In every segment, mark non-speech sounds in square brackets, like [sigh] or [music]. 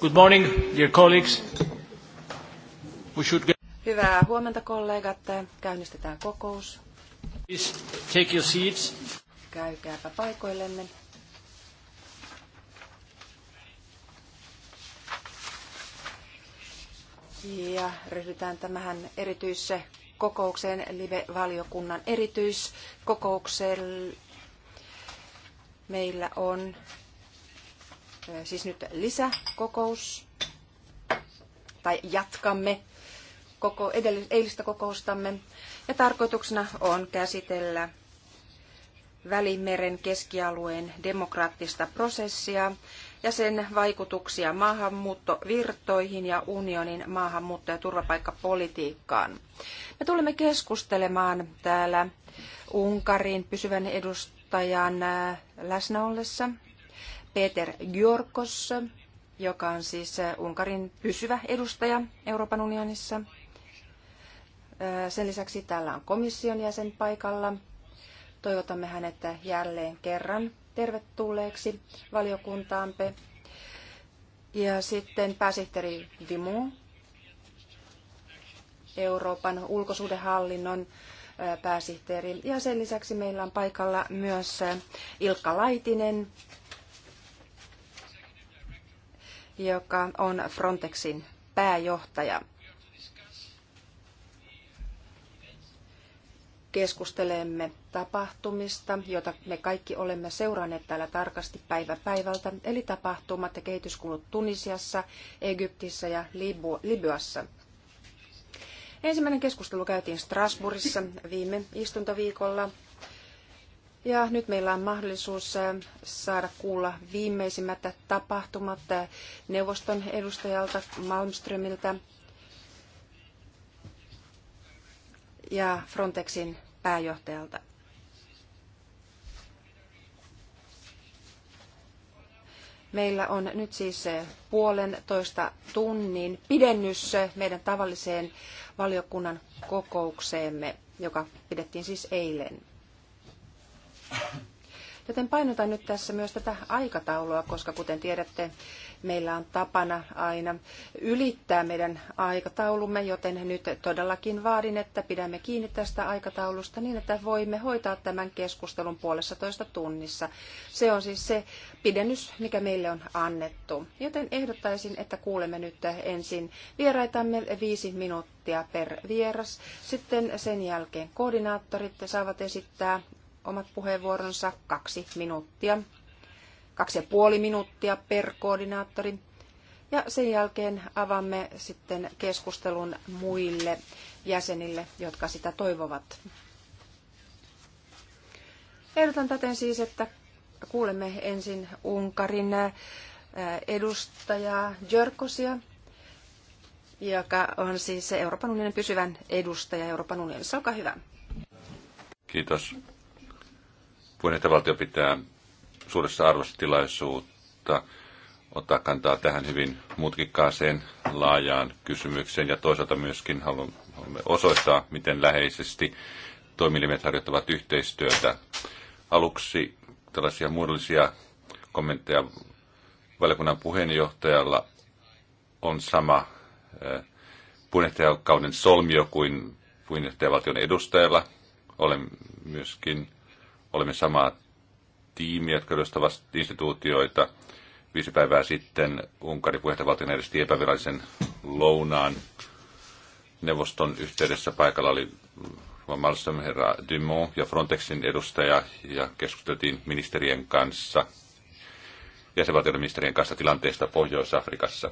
Good morning, dear colleagues. We should get... Hyvää huomenta kollegat. Käynnistetään kokous. Please take your seats. Käykääpä paikoillenne. Ja ryhdytään tämähän erityisse kokoukseen, live-valiokunnan erityiskokoukseen. Meillä on siis nyt lisäkokous, tai jatkamme koko eilistä kokoustamme. Ja tarkoituksena on käsitellä Välimeren keskialueen demokraattista prosessia ja sen vaikutuksia maahanmuuttovirtoihin ja unionin maahanmuutto- ja turvapaikkapolitiikkaan. Me tulemme keskustelemaan täällä Unkarin pysyvän edustajan läsnä ollessa Peter Gjorkos, joka on siis äh, Unkarin pysyvä edustaja Euroopan unionissa. Äh, sen lisäksi täällä on komission jäsen paikalla. Toivotamme hänet jälleen kerran tervetulleeksi valiokuntaamme. Ja sitten pääsihteeri Vimu, Euroopan ulkosuhdehallinnon äh, pääsihteeri. Ja sen lisäksi meillä on paikalla myös Ilkka Laitinen, joka on Frontexin pääjohtaja. Keskustelemme tapahtumista, joita me kaikki olemme seuranneet täällä tarkasti päivä päivältä, eli tapahtumat ja kehityskulut Tunisiassa, Egyptissä ja Libyassa. Ensimmäinen keskustelu käytiin Strasbourgissa viime istuntoviikolla ja nyt meillä on mahdollisuus äh, saada kuulla viimeisimmät tapahtumat äh, neuvoston edustajalta Malmströmiltä ja Frontexin pääjohtajalta. Meillä on nyt siis äh, puolen toista tunnin pidennys meidän tavalliseen valiokunnan kokoukseemme, joka pidettiin siis eilen. Joten painotan nyt tässä myös tätä aikataulua, koska kuten tiedätte, meillä on tapana aina ylittää meidän aikataulumme, joten nyt todellakin vaadin, että pidämme kiinni tästä aikataulusta niin, että voimme hoitaa tämän keskustelun puolessa toista tunnissa. Se on siis se pidennys, mikä meille on annettu. Joten ehdottaisin, että kuulemme nyt ensin vieraitamme viisi minuuttia per vieras. Sitten sen jälkeen koordinaattorit saavat esittää omat puheenvuoronsa kaksi minuuttia, kaksi ja puoli minuuttia per koordinaattori. Ja sen jälkeen avaamme sitten keskustelun muille jäsenille, jotka sitä toivovat. Ehdotan täten siis, että kuulemme ensin Unkarin äh, edustajaa Jörkosia, joka on siis Euroopan unionin pysyvän edustaja Euroopan unionissa. Olkaa hyvä. Kiitos Puheenjohtajavaltio pitää suuressa arvossa tilaisuutta ottaa kantaa tähän hyvin mutkikkaaseen laajaan kysymykseen ja toisaalta myöskin haluamme osoittaa, miten läheisesti toimielimet harjoittavat yhteistyötä. Aluksi tällaisia muodollisia kommentteja valiokunnan puheenjohtajalla on sama eh, puheenjohtajakauden solmio kuin puheenjohtajavaltion edustajalla. Olen myöskin olemme samaa tiimiä, jotka edustavat instituutioita. Viisi päivää sitten Unkarin puheenjohtajavaltion järjesti epävirallisen lounaan neuvoston yhteydessä. Paikalla oli Malsam herra Dumont ja Frontexin edustaja ja keskusteltiin ministerien kanssa, jäsenvaltioiden ministerien kanssa tilanteesta Pohjois-Afrikassa.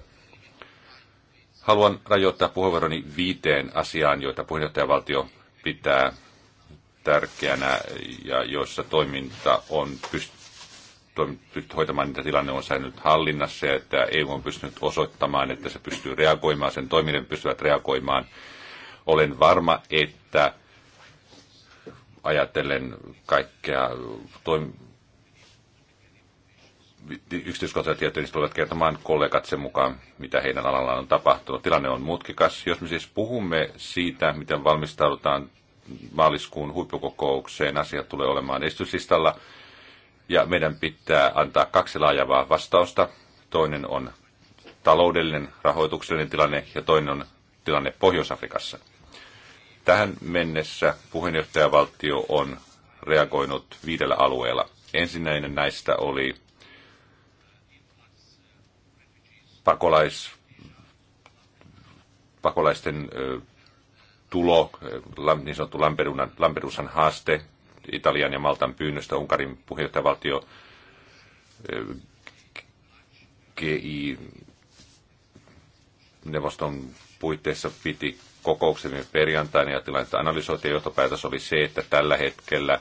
Haluan rajoittaa puheenvuoroni viiteen asiaan, joita puheenjohtajavaltio pitää tärkeänä ja joissa toiminta on pystyt hoitamaan, että tilanne on säilynyt hallinnassa ja että EU on pystynyt osoittamaan, että se pystyy reagoimaan, sen toiminen pystyvät reagoimaan. Olen varma, että ajatellen kaikkea toim, yksityiskohtaisia tietoja, niistä tulevat kertomaan kollegat sen mukaan, mitä heidän alallaan on tapahtunut. Tilanne on mutkikas. Jos me siis puhumme siitä, miten valmistaudutaan maaliskuun huippukokoukseen asia tulee olemaan estyslistalla. Ja meidän pitää antaa kaksi laajavaa vastausta. Toinen on taloudellinen, rahoituksellinen tilanne ja toinen on tilanne Pohjois-Afrikassa. Tähän mennessä puheenjohtajavaltio on reagoinut viidellä alueella. Ensinnäinen näistä oli pakolais, pakolaisten tulo, niin sanottu Lampedusan, Lampedusan haaste, Italian ja Maltan pyynnöstä Unkarin puheenjohtajavaltio GI neuvoston puitteissa piti kokouksen perjantaina ja tilannetta analysoitiin ja johtopäätös oli se, että tällä hetkellä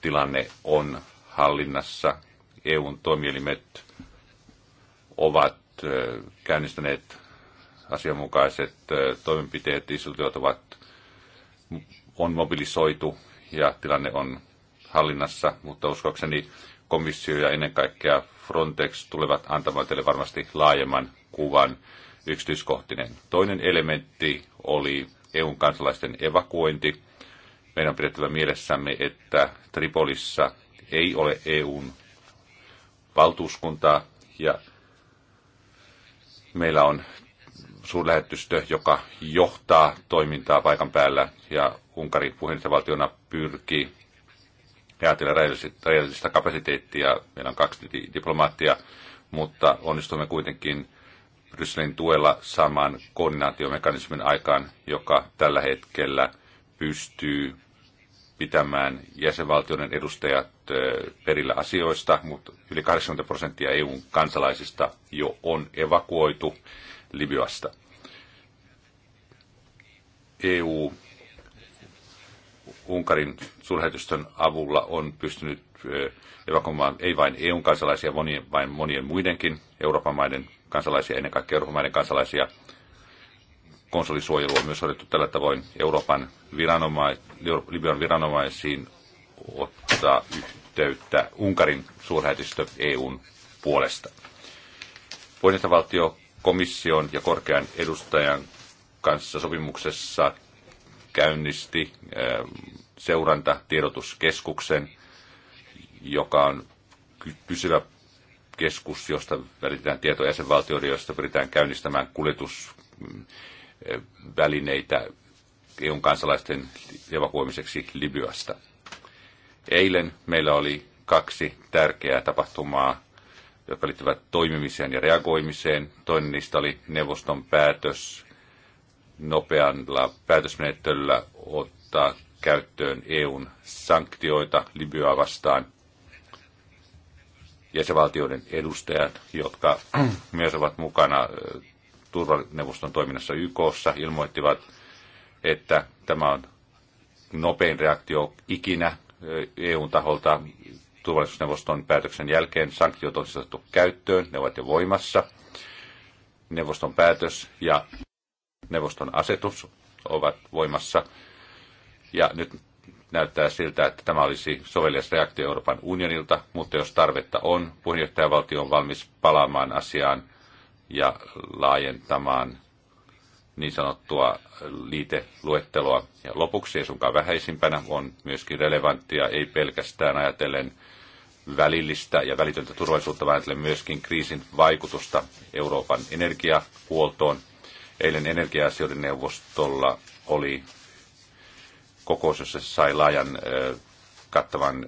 tilanne on hallinnassa. EUn toimielimet ovat käynnistäneet asianmukaiset toimenpiteet instituutiot ovat, on mobilisoitu ja tilanne on hallinnassa, mutta uskokseni komissio ja ennen kaikkea Frontex tulevat antamaan teille varmasti laajemman kuvan yksityiskohtinen. Toinen elementti oli EUn kansalaisten evakuointi. Meidän on pidettävä mielessämme, että Tripolissa ei ole EUn valtuuskuntaa ja meillä on suurlähetystö, joka johtaa toimintaa paikan päällä ja Unkarin puheenjohtajavaltiona pyrkii ajatella rajallista kapasiteettia. Meillä on kaksi diplomaattia, mutta onnistumme kuitenkin Brysselin tuella saamaan koordinaatiomekanismin aikaan, joka tällä hetkellä pystyy pitämään jäsenvaltioiden edustajat perillä asioista, mutta yli 80 prosenttia EUn kansalaisista jo on evakuoitu Libyasta. EU Unkarin suurlähetystön avulla on pystynyt evakuoimaan ei vain EUn kansalaisia, monien, vaan monien muidenkin Euroopan maiden kansalaisia, ennen kaikkea Euroopan maiden kansalaisia. Konsolisuojelu on myös hoidettu tällä tavoin Euroopan viranoma- Libyan viranomaisiin ottaa yhteyttä Unkarin suurlähetystö EUn puolesta. Puheenjohtajavaltio komission ja korkean edustajan kanssa sopimuksessa käynnisti ähm, seurantatiedotuskeskuksen, joka on pysyvä keskus, josta välitetään tietoja jäsenvaltioiden, josta pyritään käynnistämään kuljetusvälineitä mm, äh, EUn kansalaisten evakuoimiseksi Libyasta. Eilen meillä oli kaksi tärkeää tapahtumaa jotka liittyvät toimimiseen ja reagoimiseen. Toinen niistä oli neuvoston päätös nopealla päätösmenettelyllä ottaa käyttöön EUn sanktioita Libyaa vastaan. Jäsenvaltioiden edustajat, jotka [clears throat] myös ovat mukana turvaneuvoston toiminnassa YKssa, ilmoittivat, että tämä on nopein reaktio ikinä EUn taholta turvallisuusneuvoston päätöksen jälkeen sanktiot on otettu käyttöön, ne ovat jo voimassa. Neuvoston päätös ja neuvoston asetus ovat voimassa. Ja nyt näyttää siltä, että tämä olisi sovellias reaktio Euroopan unionilta, mutta jos tarvetta on, puheenjohtajavaltio on valmis palaamaan asiaan ja laajentamaan niin sanottua liiteluetteloa. Ja lopuksi, ja sunkaan vähäisimpänä, on myöskin relevanttia, ei pelkästään ajatellen välillistä ja välitöntä turvallisuutta, vaan ajatellen myöskin kriisin vaikutusta Euroopan energiahuoltoon. Eilen energia-asioiden neuvostolla oli kokous, jossa se sai laajan kattavan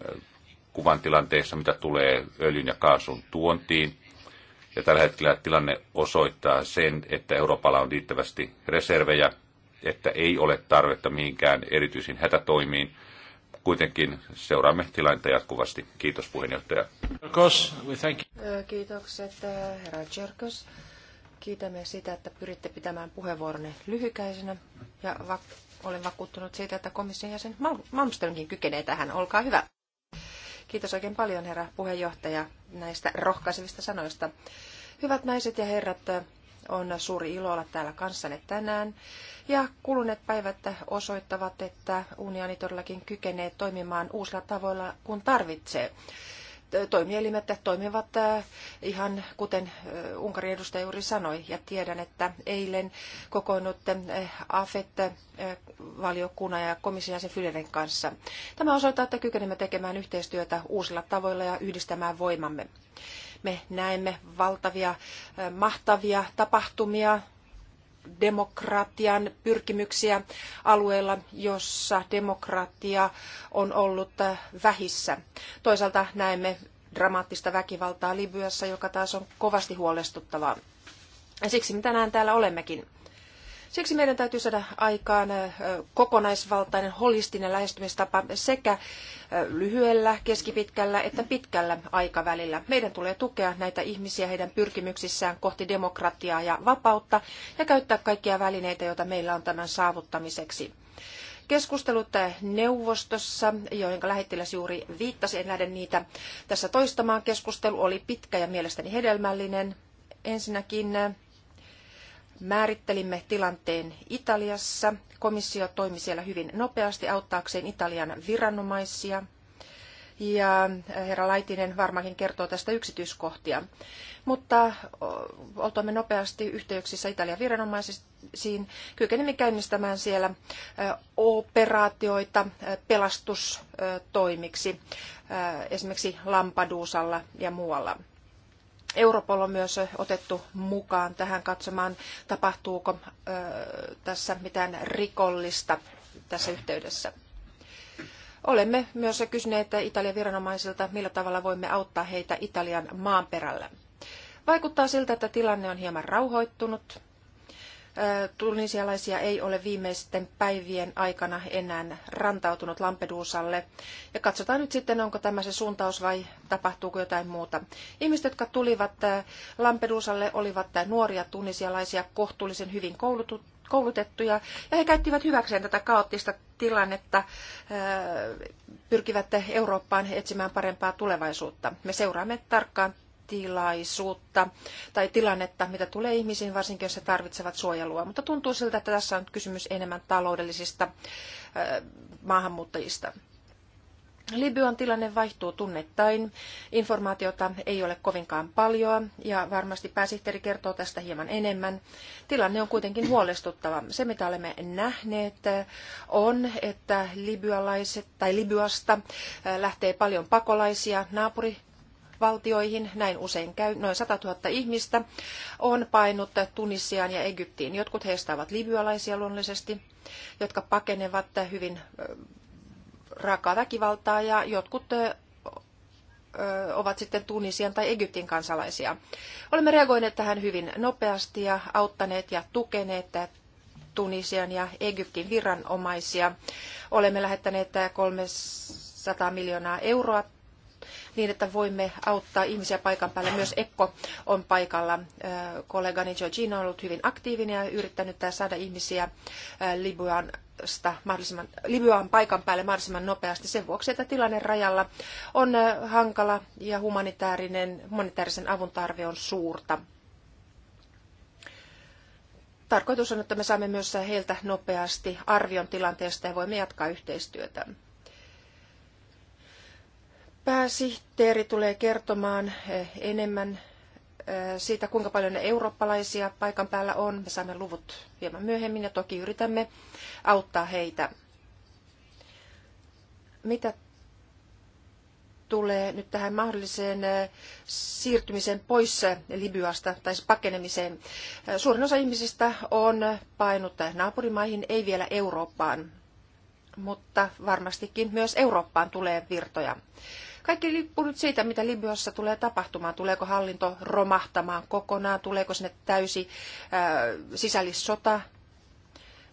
kuvan tilanteessa, mitä tulee öljyn ja kaasun tuontiin. Ja tällä hetkellä tilanne osoittaa sen, että Euroopalla on riittävästi reservejä, että ei ole tarvetta mihinkään erityisiin hätätoimiin – kuitenkin seuraamme tilannetta jatkuvasti. Kiitos puheenjohtaja. Kiitokset herra Jerkos. Kiitämme sitä, että pyritte pitämään puheenvuoronne lyhykäisenä ja vak- olen vakuuttunut siitä, että komission jäsen Malmströmkin kykenee tähän. Olkaa hyvä. Kiitos oikein paljon herra puheenjohtaja näistä rohkaisevista sanoista. Hyvät naiset ja herrat, on suuri ilo olla täällä kanssanne tänään. Ja kuluneet päivät osoittavat, että uniani todellakin kykenee toimimaan uusilla tavoilla, kun tarvitsee. Toimielimet toimivat eh, ihan kuten eh, Unkarin edustaja juuri sanoi, ja tiedän, että eilen kokoonnutte eh, AFET-valiokunnan ja komission jäsen Fyleren kanssa. Tämä osoittaa, että kykenemme tekemään yhteistyötä uusilla tavoilla ja yhdistämään voimamme. Me näemme valtavia, mahtavia tapahtumia, demokratian pyrkimyksiä alueella, jossa demokratia on ollut vähissä. Toisaalta näemme dramaattista väkivaltaa Libyassa, joka taas on kovasti huolestuttavaa. Siksi me tänään täällä olemmekin. Siksi meidän täytyy saada aikaan kokonaisvaltainen, holistinen lähestymistapa sekä lyhyellä, keskipitkällä että pitkällä aikavälillä. Meidän tulee tukea näitä ihmisiä heidän pyrkimyksissään kohti demokratiaa ja vapautta ja käyttää kaikkia välineitä, joita meillä on tämän saavuttamiseksi keskustelut neuvostossa, joihin lähettiläs juuri viittasi, en lähde niitä tässä toistamaan. Keskustelu oli pitkä ja mielestäni hedelmällinen. Ensinnäkin Määrittelimme tilanteen Italiassa. Komissio toimi siellä hyvin nopeasti auttaakseen Italian viranomaisia. Ja äh, herra Laitinen varmaankin kertoo tästä yksityiskohtia. Mutta äh, oltuamme nopeasti yhteyksissä Italian viranomaisiin. Kykenimme käynnistämään siellä äh, operaatioita pelastustoimiksi, esimerkiksi Lampadusalla ja muualla. Europol on myös otettu mukaan tähän katsomaan, tapahtuuko tässä mitään rikollista tässä yhteydessä. Olemme myös kysyneet Italian viranomaisilta, millä tavalla voimme auttaa heitä Italian maanperällä. Vaikuttaa siltä, että tilanne on hieman rauhoittunut tunisialaisia ei ole viimeisten päivien aikana enää rantautunut Lampedusalle. Ja katsotaan nyt sitten, onko tämä se suuntaus vai tapahtuuko jotain muuta. Ihmiset, jotka tulivat Lampedusalle, olivat nuoria tunisialaisia kohtuullisen hyvin koulutettuja ja he käyttivät hyväkseen tätä kaoottista tilannetta, pyrkivät Eurooppaan etsimään parempaa tulevaisuutta. Me seuraamme tarkkaan tilaisuutta tai tilannetta, mitä tulee ihmisiin, varsinkin jos he tarvitsevat suojelua. Mutta tuntuu siltä, että tässä on kysymys enemmän taloudellisista maahanmuuttajista. Libyan tilanne vaihtuu tunnettain. Informaatiota ei ole kovinkaan paljon ja varmasti pääsihteeri kertoo tästä hieman enemmän. Tilanne on kuitenkin huolestuttava. Se, mitä olemme nähneet, on, että libyalaiset tai Libyasta lähtee paljon pakolaisia naapuri valtioihin, näin usein käy, noin 100 000 ihmistä on painut Tunisiaan ja Egyptiin. Jotkut heistä ovat libyalaisia luonnollisesti, jotka pakenevat hyvin raakaa väkivaltaa ja jotkut ovat sitten Tunisian tai Egyptin kansalaisia. Olemme reagoineet tähän hyvin nopeasti ja auttaneet ja tukeneet Tunisian ja Egyptin viranomaisia. Olemme lähettäneet 300 miljoonaa euroa niin, että voimme auttaa ihmisiä paikan päällä. Myös Eppo on paikalla. Kollegani Georgina on ollut hyvin aktiivinen ja yrittänyt saada ihmisiä Libyan mahdollisimman, Libyaan paikan päälle mahdollisimman nopeasti sen vuoksi, että tilanne rajalla on hankala ja humanitaarinen, humanitaarisen avun tarve on suurta. Tarkoitus on, että me saamme myös heiltä nopeasti arvion tilanteesta ja voimme jatkaa yhteistyötä. Pääsihteeri tulee kertomaan eh, enemmän eh, siitä, kuinka paljon eurooppalaisia paikan päällä on. Me saamme luvut hieman myöhemmin ja toki yritämme auttaa heitä. Mitä tulee nyt tähän mahdolliseen eh, siirtymiseen pois Libyasta tai siis pakenemiseen. Suurin osa ihmisistä on painut naapurimaihin, ei vielä Eurooppaan, mutta varmastikin myös Eurooppaan tulee virtoja. Kaikki riippuu nyt siitä, mitä Libyassa tulee tapahtumaan. Tuleeko hallinto romahtamaan kokonaan, tuleeko sinne täysi ää, äh, sisällissota.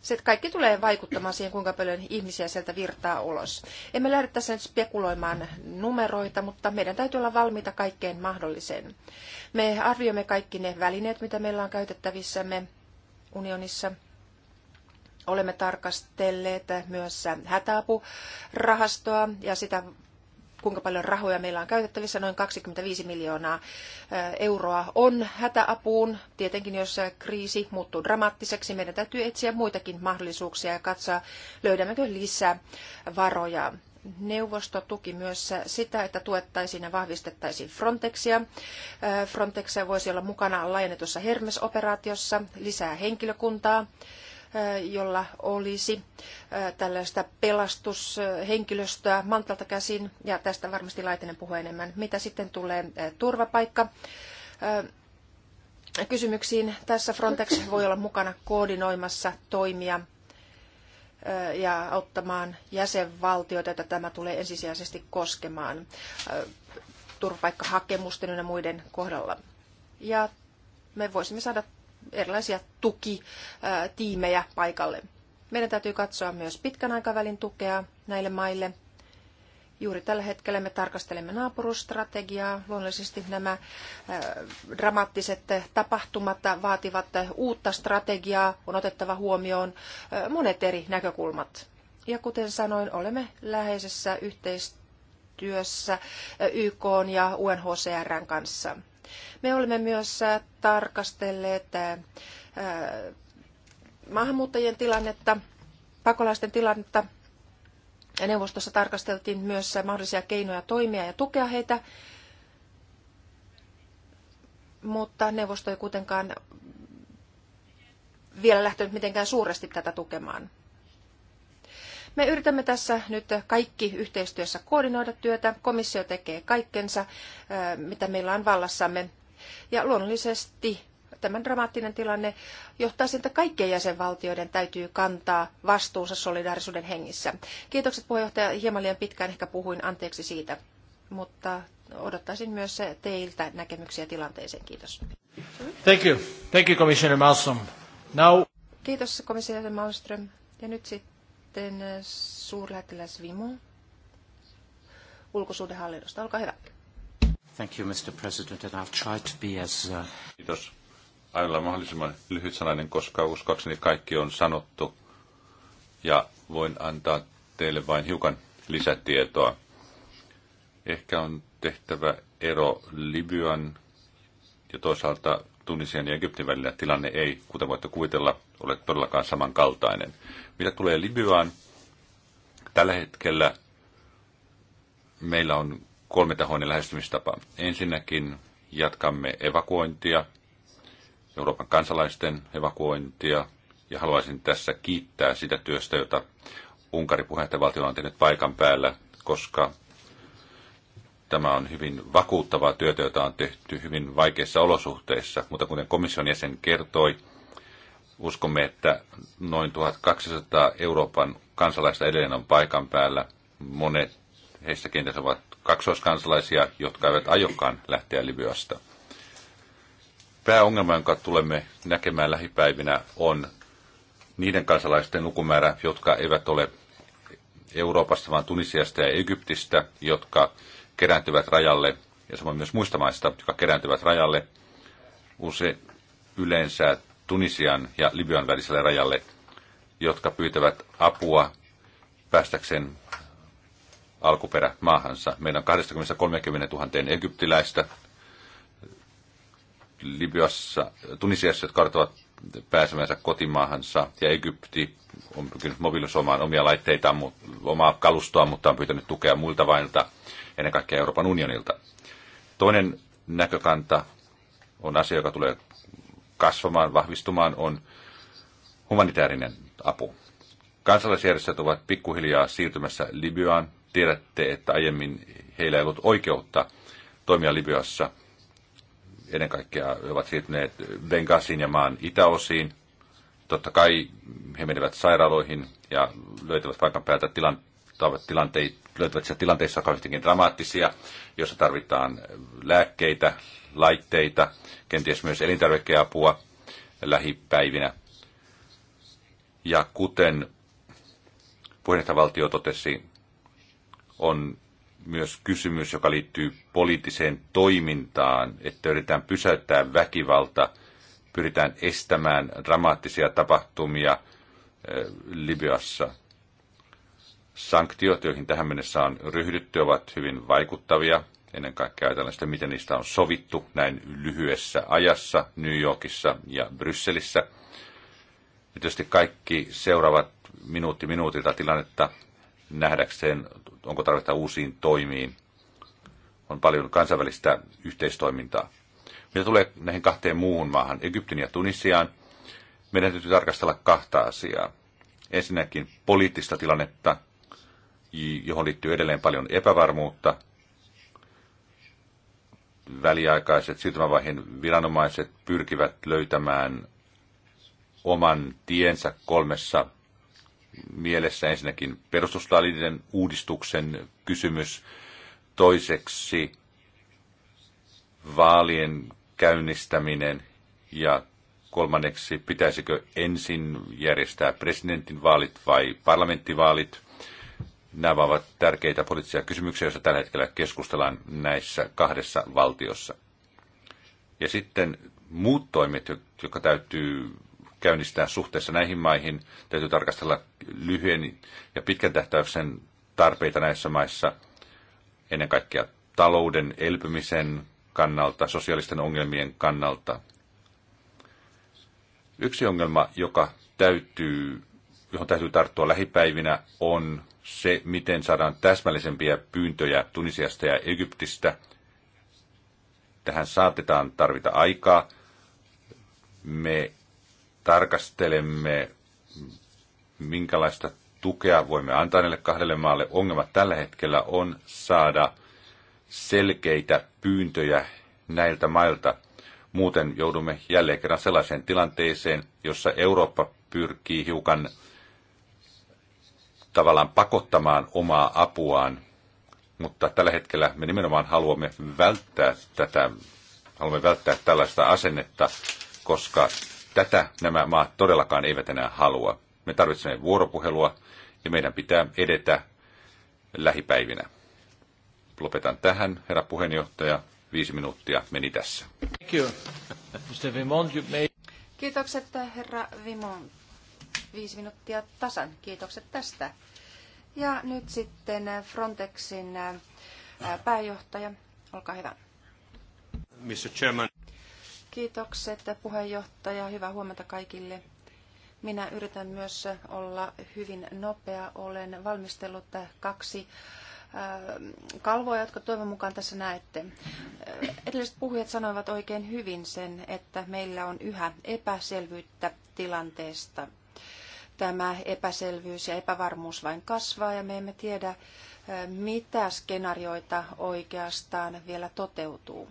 Se kaikki tulee vaikuttamaan siihen, kuinka paljon ihmisiä sieltä virtaa ulos. Emme lähde tässä nyt spekuloimaan numeroita, mutta meidän täytyy olla valmiita kaikkeen mahdolliseen. Me arvioimme kaikki ne välineet, mitä meillä on käytettävissämme unionissa – olemme tarkastelleet myös hätäapurahastoa ja sitä kuinka paljon rahoja meillä on käytettävissä. Noin 25 miljoonaa euroa on hätäapuun. Tietenkin, jos kriisi muuttuu dramaattiseksi, meidän täytyy etsiä muitakin mahdollisuuksia ja katsoa, löydämmekö lisää varoja. Neuvosto tuki myös sitä, että tuettaisiin ja vahvistettaisiin Frontexia. Frontex voisi olla mukana laajennetussa Hermes-operaatiossa, lisää henkilökuntaa jolla olisi tällaista pelastushenkilöstöä Maltalta käsin, ja tästä varmasti Laitinen puhuu enemmän. Mitä sitten tulee turvapaikka? Kysymyksiin tässä Frontex voi olla mukana koordinoimassa toimia ja auttamaan jäsenvaltioita, että tämä tulee ensisijaisesti koskemaan turvapaikkahakemusten ja muiden kohdalla. Ja me voisimme saada erilaisia tukitiimejä paikalle. Meidän täytyy katsoa myös pitkän aikavälin tukea näille maille. Juuri tällä hetkellä me tarkastelemme naapurustrategiaa. Luonnollisesti nämä äh, dramaattiset tapahtumat vaativat uutta strategiaa. On otettava huomioon äh, monet eri näkökulmat. Ja kuten sanoin, olemme läheisessä yhteistyössä äh, YK ja UNHCRn kanssa. Me olemme myös äh, tarkastelleet äh, äh, maahanmuuttajien tilannetta, pakolaisten tilannetta. Neuvostossa tarkasteltiin myös mahdollisia keinoja toimia ja tukea heitä, mutta neuvosto ei kuitenkaan vielä lähtenyt mitenkään suuresti tätä tukemaan. Me yritämme tässä nyt kaikki yhteistyössä koordinoida työtä. Komissio tekee kaikkensa, mitä meillä on vallassamme. Ja luonnollisesti tämä dramaattinen tilanne johtaa siihen, että kaikkien jäsenvaltioiden täytyy kantaa vastuunsa solidaarisuuden hengissä. Kiitokset puheenjohtaja, hieman liian pitkään ehkä puhuin, anteeksi siitä, mutta odottaisin myös teiltä näkemyksiä tilanteeseen. Kiitos. Thank you. Thank you, Commissioner Malmström. Now... Kiitos, komissaari Malmström. Ja nyt sitten sitten eh, suurlähettiläs Vimo ulkosuhdehallinnosta. Olkaa hyvä. Thank you, Mr. President, and I'll try to be as... Uh... Kiitos. Aina mahdollisimman lyhyt sanainen, koska uskoakseni kaikki on sanottu. Ja voin antaa teille vain hiukan lisätietoa. Ehkä on tehtävä ero Libyan ja toisaalta Tunisian ja Egyptin välillä tilanne ei, kuten voitte kuvitella, ole todellakaan samankaltainen. Mitä tulee Libyaan, tällä hetkellä meillä on kolme tahoinen lähestymistapa. Ensinnäkin jatkamme evakuointia, Euroopan kansalaisten evakuointia, ja haluaisin tässä kiittää sitä työstä, jota Unkari puheenjohtajavaltio on tehnyt paikan päällä, koska tämä on hyvin vakuuttavaa työtä, jota on tehty hyvin vaikeissa olosuhteissa. Mutta kuten komission jäsen kertoi, Uskomme, että noin 1200 Euroopan kansalaista edelleen on paikan päällä. Monet heistä kenties ovat kaksoiskansalaisia, jotka eivät aiokaan lähteä Libyasta. Pääongelma, jonka tulemme näkemään lähipäivinä, on niiden kansalaisten lukumäärä, jotka eivät ole Euroopasta, vaan Tunisiasta ja Egyptistä, jotka kerääntyvät rajalle, ja samoin myös muista maista, jotka kerääntyvät rajalle. Use, yleensä Tunisian ja Libyan väliselle rajalle, jotka pyytävät apua päästäkseen alkuperä maahansa. Meillä on 20-30 000 egyptiläistä Libyassa, Tunisiassa, jotka kartoivat pääsemänsä kotimaahansa, ja Egypti on pyrkinyt mobilisoimaan omia laitteitaan, omaa kalustoa, mutta on pyytänyt tukea muilta vailta, ennen kaikkea Euroopan unionilta. Toinen näkökanta on asia, joka tulee kasvamaan, vahvistumaan, on humanitaarinen apu. Kansalaisjärjestöt ovat pikkuhiljaa siirtymässä Libyaan. Tiedätte, että aiemmin heillä ei ollut oikeutta toimia Libyassa. Ennen kaikkea he ovat siirtyneet Bengasiin ja maan itäosiin. Totta kai he menevät sairaaloihin ja löytävät paikan päältä tilanteita, löytävät tilanteissa kauheastikin dramaattisia, joissa tarvitaan lääkkeitä, laitteita, kenties myös elintarvikeapua lähipäivinä. Ja kuten puheenjohtajavaltio totesi, on myös kysymys, joka liittyy poliittiseen toimintaan, että yritetään pysäyttää väkivalta, pyritään estämään dramaattisia tapahtumia eh, Libyassa. Sanktiot, joihin tähän mennessä on ryhdytty, ovat hyvin vaikuttavia ennen kaikkea ajatellaan sitä, miten niistä on sovittu näin lyhyessä ajassa New Yorkissa ja Brysselissä. Ja tietysti kaikki seuraavat minuutti minuutilta tilannetta nähdäkseen, onko tarvetta uusiin toimiin. On paljon kansainvälistä yhteistoimintaa. Mitä tulee näihin kahteen muuhun maahan, Egyptin ja Tunisiaan, meidän täytyy tarkastella kahta asiaa. Ensinnäkin poliittista tilannetta, johon liittyy edelleen paljon epävarmuutta, väliaikaiset siirtymävaiheen viranomaiset pyrkivät löytämään oman tiensä kolmessa mielessä. Ensinnäkin perustuslaillinen uudistuksen kysymys, toiseksi vaalien käynnistäminen ja kolmanneksi pitäisikö ensin järjestää presidentin vaalit vai parlamenttivaalit. Nämä ovat tärkeitä poliittisia kysymyksiä, joissa tällä hetkellä keskustellaan näissä kahdessa valtiossa. Ja sitten muut toimet, jotka täytyy käynnistää suhteessa näihin maihin, täytyy tarkastella lyhyen ja pitkän tähtäyksen tarpeita näissä maissa, ennen kaikkea talouden elpymisen kannalta, sosiaalisten ongelmien kannalta. Yksi ongelma, joka täytyy, johon täytyy tarttua lähipäivinä, on se, miten saadaan täsmällisempiä pyyntöjä Tunisiasta ja Egyptistä. Tähän saatetaan tarvita aikaa. Me tarkastelemme, minkälaista tukea voimme antaa näille kahdelle maalle. Ongelma tällä hetkellä on saada selkeitä pyyntöjä näiltä mailta. Muuten joudumme jälleen kerran sellaiseen tilanteeseen, jossa Eurooppa pyrkii hiukan tavallaan pakottamaan omaa apuaan, mutta tällä hetkellä me nimenomaan haluamme välttää tätä, haluamme välttää tällaista asennetta, koska tätä nämä maat todellakaan eivät enää halua. Me tarvitsemme vuoropuhelua ja meidän pitää edetä lähipäivinä. Lopetan tähän, herra puheenjohtaja. Viisi minuuttia meni tässä. Kiitokset, herra Vimont viisi minuuttia tasan. Kiitokset tästä. Ja nyt sitten Frontexin äh, pääjohtaja, olkaa hyvä. Mr. Chairman. Kiitokset puheenjohtaja, hyvää huomenta kaikille. Minä yritän myös olla hyvin nopea. Olen valmistellut kaksi äh, kalvoja, jotka toivon mukaan tässä näette. Äh, edelliset puhujat sanoivat oikein hyvin sen, että meillä on yhä epäselvyyttä tilanteesta tämä epäselvyys ja epävarmuus vain kasvaa ja me emme tiedä, mitä skenaarioita oikeastaan vielä toteutuu.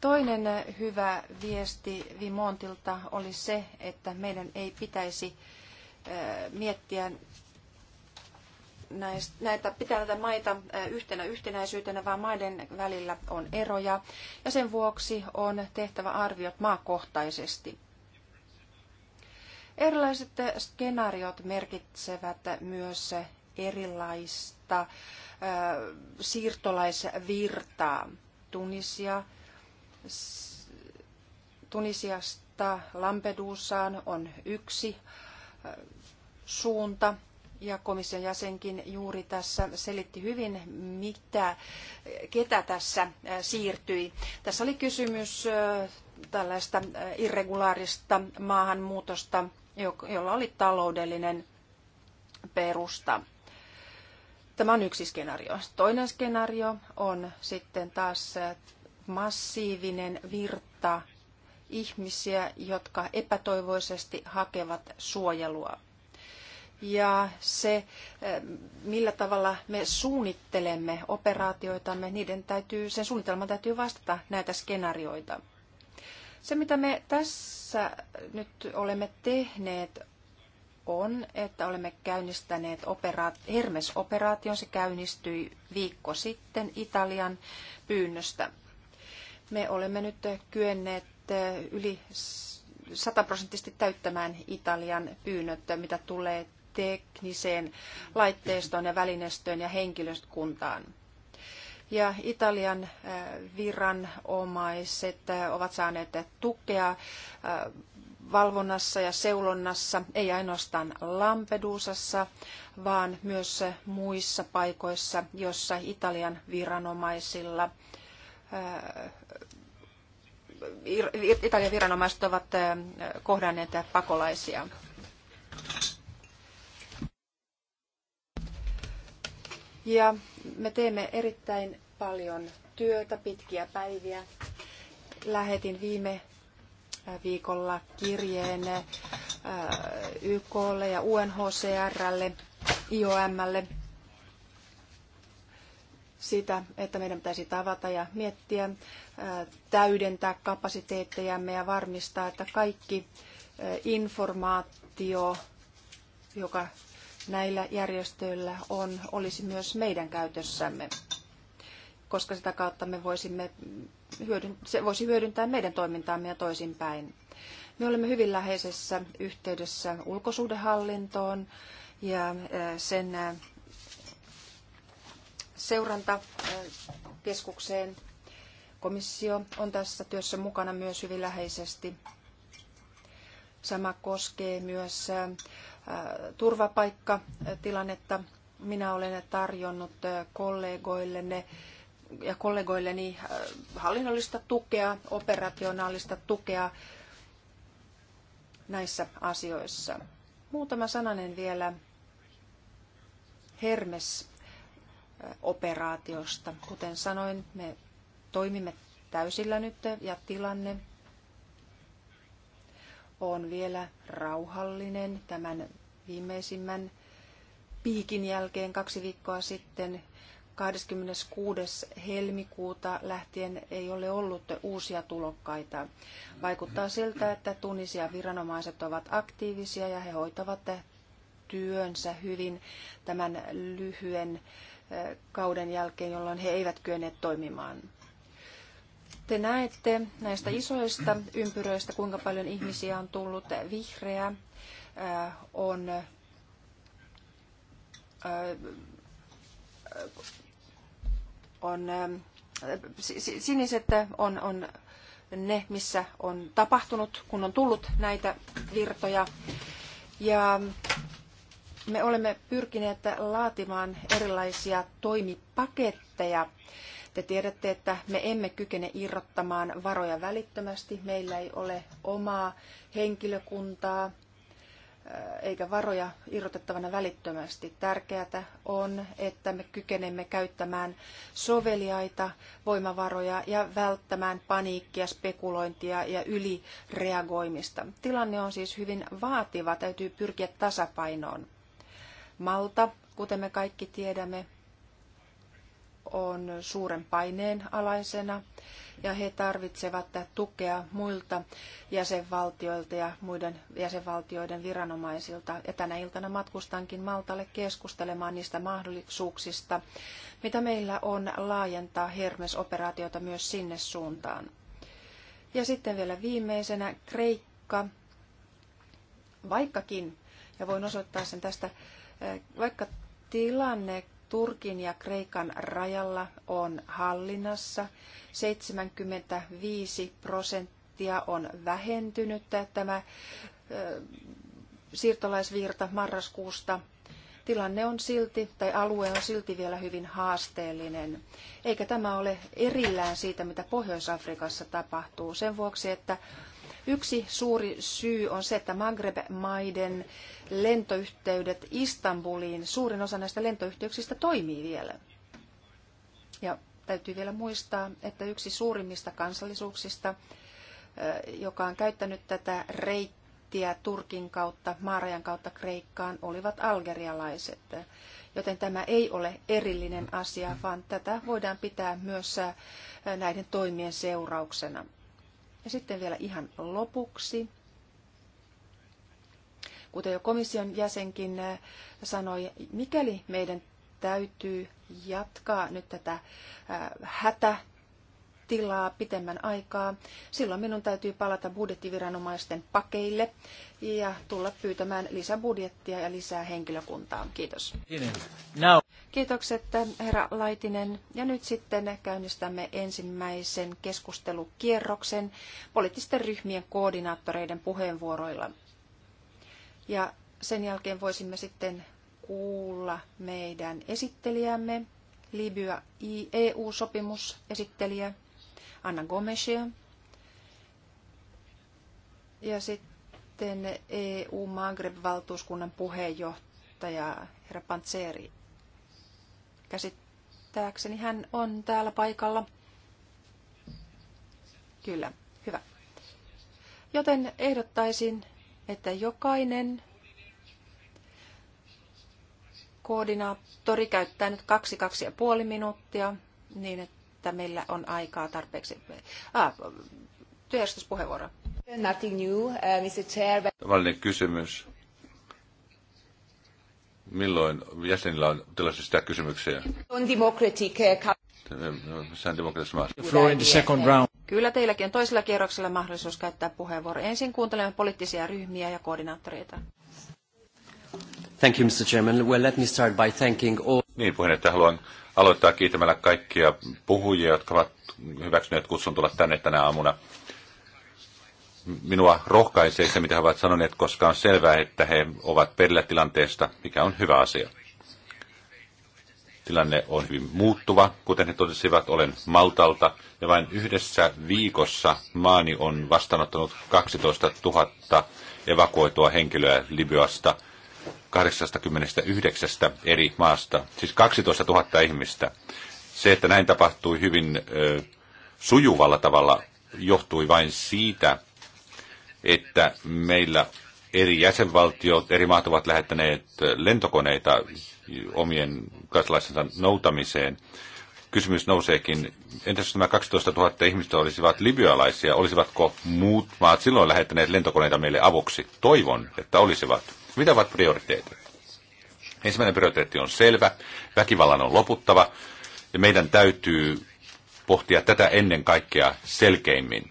Toinen hyvä viesti Vimontilta oli se, että meidän ei pitäisi miettiä näitä, pitää näitä maita yhtenä yhtenäisyytenä, vaan maiden välillä on eroja ja sen vuoksi on tehtävä arviot maakohtaisesti. Erilaiset skenaariot merkitsevät myös erilaista siirtolaisvirtaa. Tunisia, Tunisiasta Lampedusaan on yksi suunta, ja komission jäsenkin juuri tässä selitti hyvin, mitä, ketä tässä siirtyi. Tässä oli kysymys tällaista irregulaarista maahanmuutosta jolla oli taloudellinen perusta. Tämä on yksi skenaario. Toinen skenaario on sitten taas massiivinen virta ihmisiä, jotka epätoivoisesti hakevat suojelua. Ja se, millä tavalla me suunnittelemme operaatioitamme, niiden täytyy, sen suunnitelman täytyy vastata näitä skenaarioita. Se, mitä me tässä nyt olemme tehneet, on, että olemme käynnistäneet operaat- Hermes-operaation. Se käynnistyi viikko sitten Italian pyynnöstä. Me olemme nyt kyenneet eh, yli sataprosenttisesti täyttämään Italian pyynnöt, eh, mitä tulee tekniseen laitteistoon ja välineistöön ja henkilöstökuntaan ja Italian äh, viranomaiset äh, ovat saaneet tukea äh, valvonnassa ja seulonnassa, ei ainoastaan Lampedusassa, vaan myös muissa paikoissa, joissa Italian viranomaisilla Italian viranomaiset ovat kohdanneet pakolaisia. Ja me teemme erittäin paljon työtä, pitkiä päiviä. Lähetin viime äh, viikolla kirjeen äh, YKlle ja UNHCRlle, IOMlle sitä, että meidän pitäisi tavata ja miettiä, äh, täydentää kapasiteettejamme ja varmistaa, että kaikki informaatio, joka näillä järjestöillä on, olisi myös meidän käytössämme, koska sitä kautta me voisimme hyödyn, se voisi hyödyntää meidän toimintaamme ja toisinpäin. Me olemme hyvin läheisessä yhteydessä ulkosuhdehallintoon ja äh, sen äh, seurantakeskukseen. Komissio on tässä työssä mukana myös hyvin läheisesti. Sama koskee myös äh, Äh, turvapaikkatilannetta. Minä olen tarjonnut äh, kollegoillenne ja kollegoilleni äh, hallinnollista tukea, operationaalista tukea näissä asioissa. Muutama sananen vielä Hermes-operaatiosta. Kuten sanoin, me toimimme täysillä nyt ja tilanne on vielä rauhallinen tämän viimeisimmän piikin jälkeen kaksi viikkoa sitten 26. helmikuuta lähtien ei ole ollut uusia tulokkaita. Vaikuttaa siltä, että Tunisia viranomaiset ovat aktiivisia ja he hoitavat työnsä hyvin tämän lyhyen eh, kauden jälkeen, jolloin he eivät kyenneet toimimaan. Te näette näistä isoista ympyröistä, kuinka paljon ihmisiä on tullut. Vihreä äh, on äh, on äh, siniset on, on ne, missä on tapahtunut, kun on tullut näitä virtoja. Ja me olemme pyrkineet laatimaan erilaisia toimipaketteja te tiedätte, että me emme kykene irrottamaan varoja välittömästi. Meillä ei ole omaa henkilökuntaa eikä varoja irrotettavana välittömästi. Tärkeää on, että me kykenemme käyttämään soveliaita voimavaroja ja välttämään paniikkia, spekulointia ja ylireagoimista. Tilanne on siis hyvin vaativa, täytyy pyrkiä tasapainoon. Malta, kuten me kaikki tiedämme, on suuren paineen alaisena ja he tarvitsevat tukea muilta jäsenvaltioilta ja muiden jäsenvaltioiden viranomaisilta. Ja tänä iltana matkustankin Maltalle keskustelemaan niistä mahdollisuuksista, mitä meillä on laajentaa Hermes-operaatiota myös sinne suuntaan. Ja sitten vielä viimeisenä Kreikka, vaikkakin, ja voin osoittaa sen tästä, vaikka tilanne Turkin ja Kreikan rajalla on hallinnassa. 75 prosenttia on vähentynyt tämä siirtolaisvirta marraskuusta. Tilanne on silti, tai alue on silti vielä hyvin haasteellinen, eikä tämä ole erillään siitä, mitä Pohjois-Afrikassa tapahtuu. Sen vuoksi, että Yksi suuri syy on se, että Maghreb-maiden lentoyhteydet Istanbuliin, suurin osa näistä lentoyhteyksistä toimii vielä. Ja täytyy vielä muistaa, että yksi suurimmista kansallisuuksista, joka on käyttänyt tätä reittiä Turkin kautta, maarajan kautta Kreikkaan, olivat algerialaiset. Joten tämä ei ole erillinen asia, vaan tätä voidaan pitää myös näiden toimien seurauksena. Ja sitten vielä ihan lopuksi, kuten jo komission jäsenkin sanoi, mikäli meidän täytyy jatkaa nyt tätä hätä tilaa pitemmän aikaa, silloin minun täytyy palata budjettiviranomaisten pakeille ja tulla pyytämään lisäbudjettia ja lisää henkilökuntaa. Kiitos. Now. Kiitokset herra Laitinen. Ja nyt sitten käynnistämme ensimmäisen keskustelukierroksen poliittisten ryhmien koordinaattoreiden puheenvuoroilla. Ja sen jälkeen voisimme sitten kuulla meidän esittelijämme, Libya EU-sopimusesittelijä Anna Gomesia. Ja sitten EU-Maghreb-valtuuskunnan puheenjohtaja herra Pantseri. Käsittääkseni hän on täällä paikalla. Kyllä, hyvä. Joten ehdottaisin, että jokainen koordinaattori käyttää nyt kaksi kaksi ja puoli minuuttia, niin että että meillä on aikaa tarpeeksi. Ah, työjärjestyspuheenvuoro. Nothing new, uh, Mr. Chair. Tavallinen kysymys. Milloin jäsenillä on tilaisuus sitä kysymyksiä? Uh, eh, on democratic Kyllä teilläkin on toisella kierroksella mahdollisuus käyttää puheenvuoro. Ensin kuuntelemme poliittisia ryhmiä ja koordinaattoreita. Thank you, Mr. Chairman. Well, let me start by thanking all... Niin, puheenjohtaja, haluan aloittaa kiitämällä kaikkia puhujia, jotka ovat hyväksyneet kutsun tulla tänne tänä aamuna. Minua rohkaisee se, mitä he ovat sanoneet, koska on selvää, että he ovat perillä tilanteesta, mikä on hyvä asia. Tilanne on hyvin muuttuva, kuten he totesivat, olen Maltalta, ja vain yhdessä viikossa maani on vastaanottanut 12 000 evakuoitua henkilöä Libyasta, 89 eri maasta, siis 12 000 ihmistä. Se, että näin tapahtui hyvin ö, sujuvalla tavalla, johtui vain siitä, että meillä eri jäsenvaltiot, eri maat ovat lähettäneet lentokoneita omien kansalaisensa noutamiseen. Kysymys nouseekin, entäs jos nämä 12 000 ihmistä olisivat libyalaisia, olisivatko muut maat silloin lähettäneet lentokoneita meille avuksi? Toivon, että olisivat. Mitä ovat prioriteetit? Ensimmäinen prioriteetti on selvä. Väkivallan on loputtava. Ja meidän täytyy pohtia tätä ennen kaikkea selkeimmin.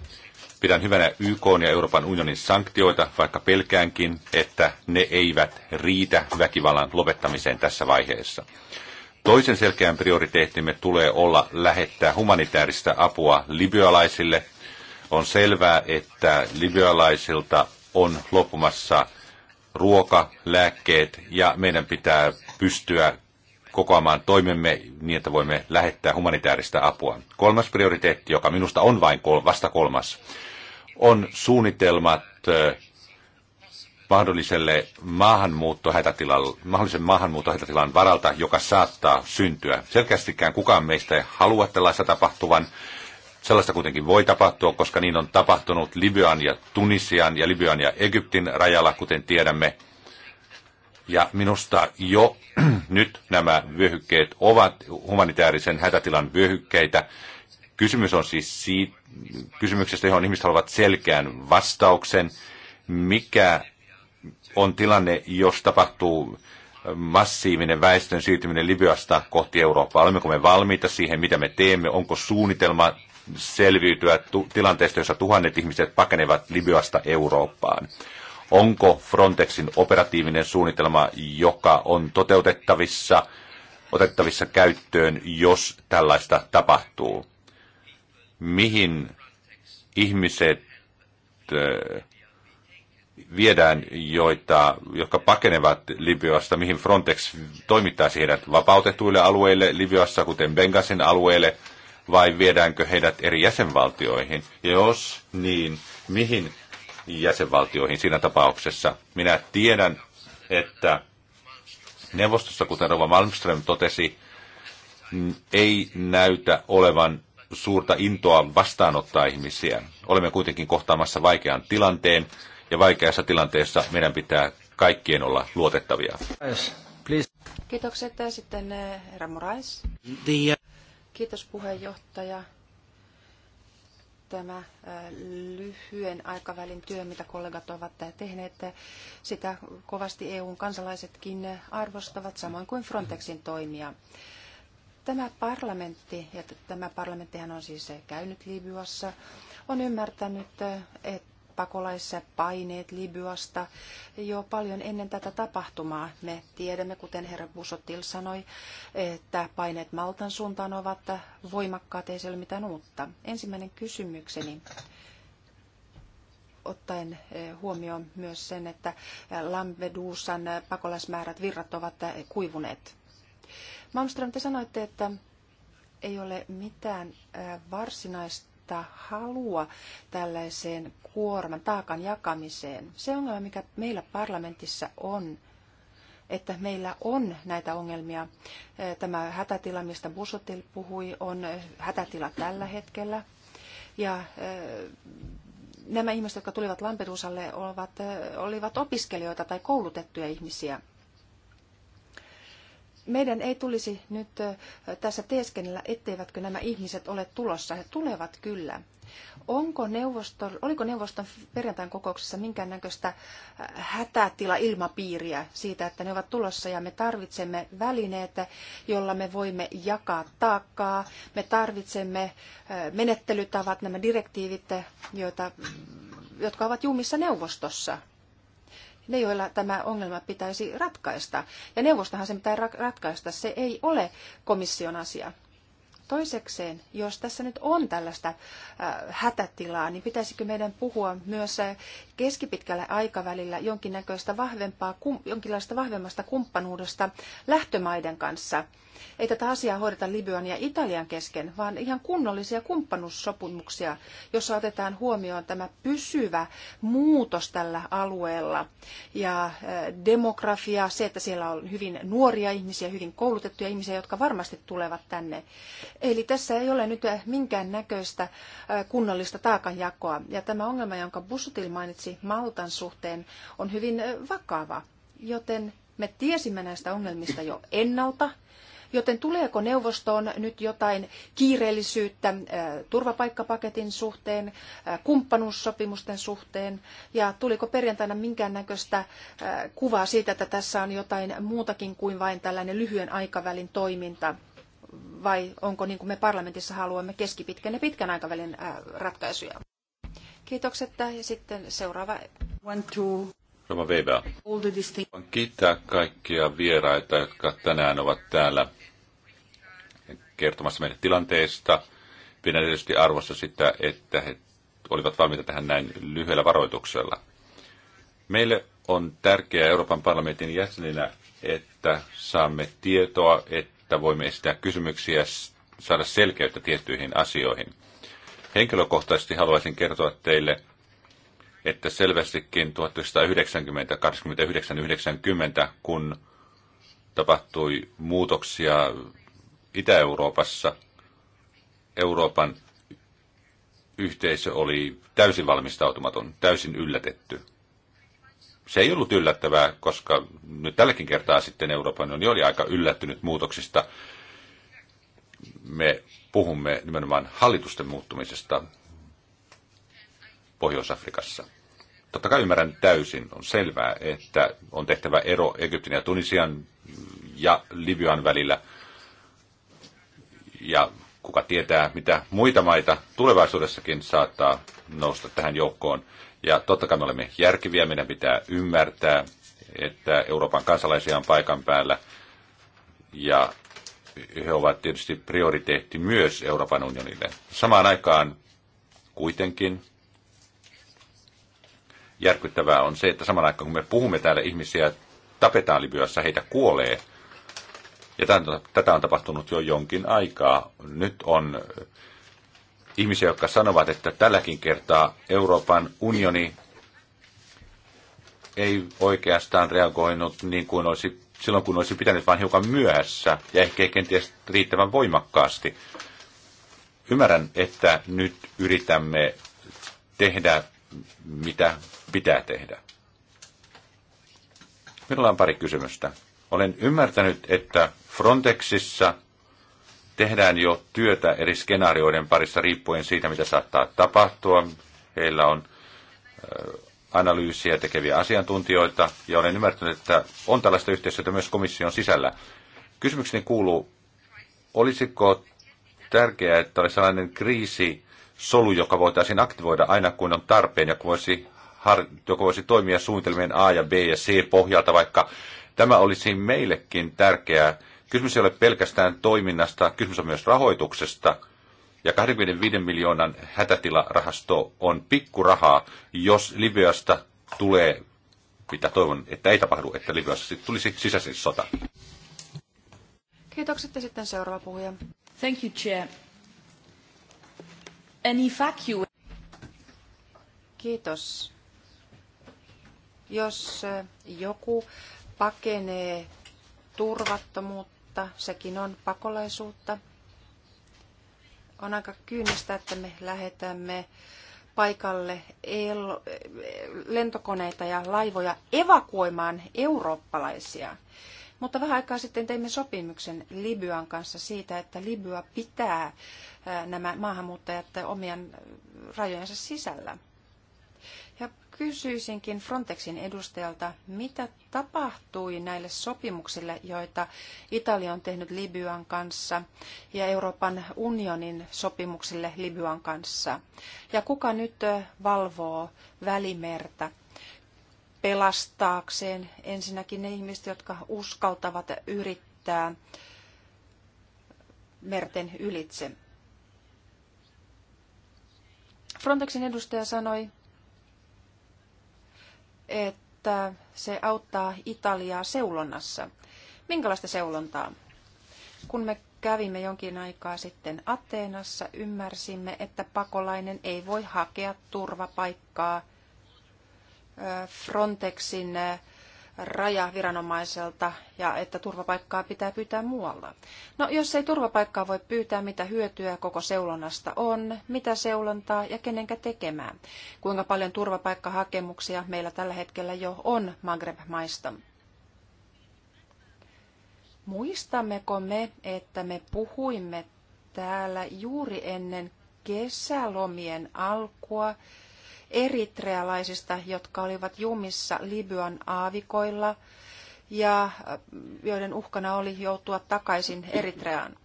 Pidän hyvänä YK ja Euroopan unionin sanktioita, vaikka pelkäänkin, että ne eivät riitä väkivallan lopettamiseen tässä vaiheessa. Toisen selkeän prioriteettimme tulee olla lähettää humanitaarista apua libyalaisille. On selvää, että libyalaisilta on loppumassa ruoka, lääkkeet ja meidän pitää pystyä kokoamaan toimemme niin, että voimme lähettää humanitaarista apua. Kolmas prioriteetti, joka minusta on vain kol- vasta kolmas, on suunnitelmat mahdolliselle mahdollisen maahanmuuttohätätilan varalta, joka saattaa syntyä. Selkeästikään kukaan meistä ei halua tällaista tapahtuvan, Sellaista kuitenkin voi tapahtua, koska niin on tapahtunut Libyan ja Tunisian ja Libyan ja Egyptin rajalla, kuten tiedämme. Ja minusta jo [clears throat] nyt nämä vyöhykkeet ovat humanitaarisen hätätilan vyöhykkeitä. Kysymys on siis siitä, kysymyksestä, johon ihmiset haluavat selkeän vastauksen. Mikä on tilanne, jos tapahtuu massiivinen väestön siirtyminen Libyasta kohti Eurooppaa? Olemmeko me valmiita siihen, mitä me teemme? Onko suunnitelma selviytyä tilanteesta, jossa tuhannet ihmiset pakenevat Libyasta Eurooppaan. Onko Frontexin operatiivinen suunnitelma, joka on toteutettavissa, otettavissa käyttöön, jos tällaista tapahtuu? Mihin ihmiset viedään, joita, jotka pakenevat Libyasta, mihin Frontex toimittaisi heidät vapautetuille alueille Libyassa, kuten Bengasin alueelle – vai viedäänkö heidät eri jäsenvaltioihin? Ja jos niin, mihin jäsenvaltioihin siinä tapauksessa? Minä tiedän, että neuvostossa, kuten Rova Malmström totesi, ei näytä olevan suurta intoa vastaanottaa ihmisiä. Olemme kuitenkin kohtaamassa vaikean tilanteen, ja vaikeassa tilanteessa meidän pitää kaikkien olla luotettavia. Yes, Kiitokset. Sitten eh, herra Morais. Uh, Kiitos puheenjohtaja. Tämä lyhyen aikavälin työ, mitä kollegat ovat tehneet, sitä kovasti EUn kansalaisetkin arvostavat, samoin kuin Frontexin toimia. Tämä parlamentti, ja tämä parlamenttihan on siis käynyt Libyassa, on ymmärtänyt, että pakolaispaineet Libyasta jo paljon ennen tätä tapahtumaa. Me tiedämme, kuten herra Busotil sanoi, että paineet Maltan suuntaan ovat voimakkaat, ei se ole mitään uutta. Ensimmäinen kysymykseni ottaen eh, huomioon myös sen, että Lampedusan pakolaismäärät virrat ovat eh, kuivuneet. Malmström, te sanoitte, että ei ole mitään eh, varsinaista osoittaa halua tällaiseen kuorman taakan jakamiseen. Se ongelma, mikä meillä parlamentissa on, että meillä on näitä ongelmia. Tämä hätätila, mistä Busotil puhui, on hätätila tällä hetkellä. Ja nämä ihmiset, jotka tulivat Lampedusalle, olivat opiskelijoita tai koulutettuja ihmisiä meidän ei tulisi nyt tässä teeskennellä, etteivätkö nämä ihmiset ole tulossa. He tulevat kyllä. Onko neuvosto, oliko neuvoston perjantain kokouksessa minkäännäköistä hätätilailmapiiriä siitä, että ne ovat tulossa ja me tarvitsemme välineitä, jolla me voimme jakaa taakkaa. Me tarvitsemme menettelytavat, nämä direktiivit, joita, jotka ovat jumissa neuvostossa ne, joilla tämä ongelma pitäisi ratkaista. Ja neuvostahan sen pitää ratkaista, se ei ole komission asia. Toisekseen, jos tässä nyt on tällaista äh, hätätilaa, niin pitäisikö meidän puhua myös äh, keskipitkällä aikavälillä jonkinnäköistä vahvempaa, jonkinlaista vahvemmasta kumppanuudesta lähtömaiden kanssa – ei tätä asiaa hoideta Libyan ja Italian kesken, vaan ihan kunnollisia kumppanuussopimuksia, jossa otetaan huomioon tämä pysyvä muutos tällä alueella ja äh, demografia, se, että siellä on hyvin nuoria ihmisiä, hyvin koulutettuja ihmisiä, jotka varmasti tulevat tänne. Eli tässä ei ole nyt äh, minkään näköistä äh, kunnollista taakanjakoa. Ja tämä ongelma, jonka Bussutil mainitsi Maltan suhteen, on hyvin vakava, joten me tiesimme näistä ongelmista jo ennalta, Joten tuleeko neuvostoon nyt jotain kiireellisyyttä äh, turvapaikkapaketin suhteen, äh, kumppanuussopimusten suhteen ja tuliko perjantaina minkäännäköistä äh, kuvaa siitä, että tässä on jotain muutakin kuin vain tällainen lyhyen aikavälin toiminta? vai onko niin kuin me parlamentissa haluamme keskipitkän ja pitkän aikavälin ratkaisuja? Kiitokset ja sitten seuraava. Roma Weber. Haluan kiittää kaikkia vieraita, jotka tänään ovat täällä kertomassa meidän tilanteesta. Pidän tietysti arvossa sitä, että he olivat valmiita tähän näin lyhyellä varoituksella. Meille on tärkeää Euroopan parlamentin jäseninä, että saamme tietoa, että voimme esittää kysymyksiä, saada selkeyttä tiettyihin asioihin. Henkilökohtaisesti haluaisin kertoa teille, että selvästikin 1990 1990 kun tapahtui muutoksia Itä-Euroopassa Euroopan yhteisö oli täysin valmistautumaton, täysin yllätetty. Se ei ollut yllättävää, koska nyt tälläkin kertaa sitten Euroopan unioni oli aika yllättynyt muutoksista. Me puhumme nimenomaan hallitusten muuttumisesta Pohjois-Afrikassa. Totta kai ymmärrän täysin, on selvää, että on tehtävä ero Egyptin ja Tunisian ja Libyan välillä – ja kuka tietää, mitä muita maita tulevaisuudessakin saattaa nousta tähän joukkoon. Ja totta kai me olemme järkiviä, meidän pitää ymmärtää, että Euroopan kansalaisia on paikan päällä ja he ovat tietysti prioriteetti myös Euroopan unionille. Samaan aikaan kuitenkin järkyttävää on se, että samaan aikaan kun me puhumme täällä ihmisiä tapetaan Libyassa, heitä kuolee – ja tämän, tätä on tapahtunut jo jonkin aikaa. Nyt on äh, ihmisiä, jotka sanovat, että tälläkin kertaa Euroopan unioni ei oikeastaan reagoinut niin kuin olisi silloin, kun olisi pitänyt vain hiukan myöhässä ja ehkä kenties riittävän voimakkaasti. Ymmärrän, että nyt yritämme tehdä, mitä pitää tehdä. Minulla on pari kysymystä. Olen ymmärtänyt, että Frontexissa tehdään jo työtä eri skenaarioiden parissa riippuen siitä, mitä saattaa tapahtua. Heillä on analyysiä tekeviä asiantuntijoita, ja olen ymmärtänyt, että on tällaista yhteistyötä myös komission sisällä. Kysymykseni kuuluu, olisiko tärkeää, että olisi sellainen solu, joka voitaisiin aktivoida aina kun on tarpeen, joka voisi, har, joka voisi toimia suunnitelmien A ja B ja C pohjalta, vaikka tämä olisi meillekin tärkeää, Kysymys ei ole pelkästään toiminnasta, kysymys on myös rahoituksesta. Ja 25 miljoonan hätätilarahasto on pikkurahaa, jos Libyasta tulee, mitä toivon, että ei tapahdu, että Libyassa tulisi sota. Kiitokset ja sitten seuraava puhuja. Thank you, Chair. An evacuation. Kiitos. Jos eh, joku pakenee turvattomuutta, mutta sekin on pakolaisuutta. On aika kyynistä, että me lähetämme paikalle lentokoneita ja laivoja evakuoimaan eurooppalaisia. Mutta vähän aikaa sitten teimme sopimuksen Libyan kanssa siitä, että Libya pitää nämä maahanmuuttajat omien rajojensa sisällä kysyisinkin Frontexin edustajalta, mitä tapahtui näille sopimuksille, joita Italia on tehnyt Libyan kanssa ja Euroopan unionin sopimuksille Libyan kanssa? Ja kuka nyt valvoo välimertä pelastaakseen ensinnäkin ne ihmiset, jotka uskaltavat yrittää merten ylitse? Frontexin edustaja sanoi, että se auttaa Italiaa seulonnassa. Minkälaista seulontaa? Kun me kävimme jonkin aikaa sitten Ateenassa, ymmärsimme, että pakolainen ei voi hakea turvapaikkaa Frontexin rajaviranomaiselta ja että turvapaikkaa pitää pyytää muualla. No jos ei turvapaikkaa voi pyytää, mitä hyötyä koko seulonnasta on, mitä seulontaa ja kenenkä tekemään, kuinka paljon turvapaikkahakemuksia meillä tällä hetkellä jo on Maghreb-maista. Muistammeko me, että me puhuimme täällä juuri ennen kesälomien alkua eritrealaisista, jotka olivat jumissa Libyan aavikoilla ja äh, joiden uhkana oli joutua takaisin Eritreaan.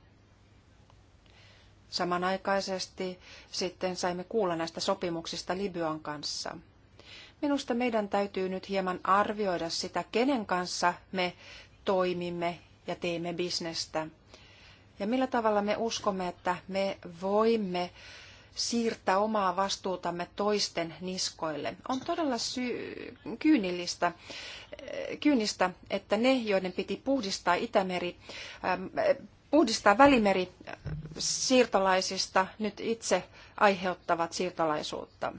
Samanaikaisesti sitten saimme kuulla näistä sopimuksista Libyan kanssa. Minusta meidän täytyy nyt hieman arvioida sitä, kenen kanssa me toimimme ja teemme bisnestä. Ja millä tavalla me uskomme, että me voimme siirtää omaa vastuutamme toisten niskoille. On todella syy, kyynillistä, eh, kyynistä, että ne, joiden piti puhdistaa Itämeri, ähm, puhdistaa välimeri eh, siirtolaisista, nyt itse aiheuttavat siirtolaisuutta.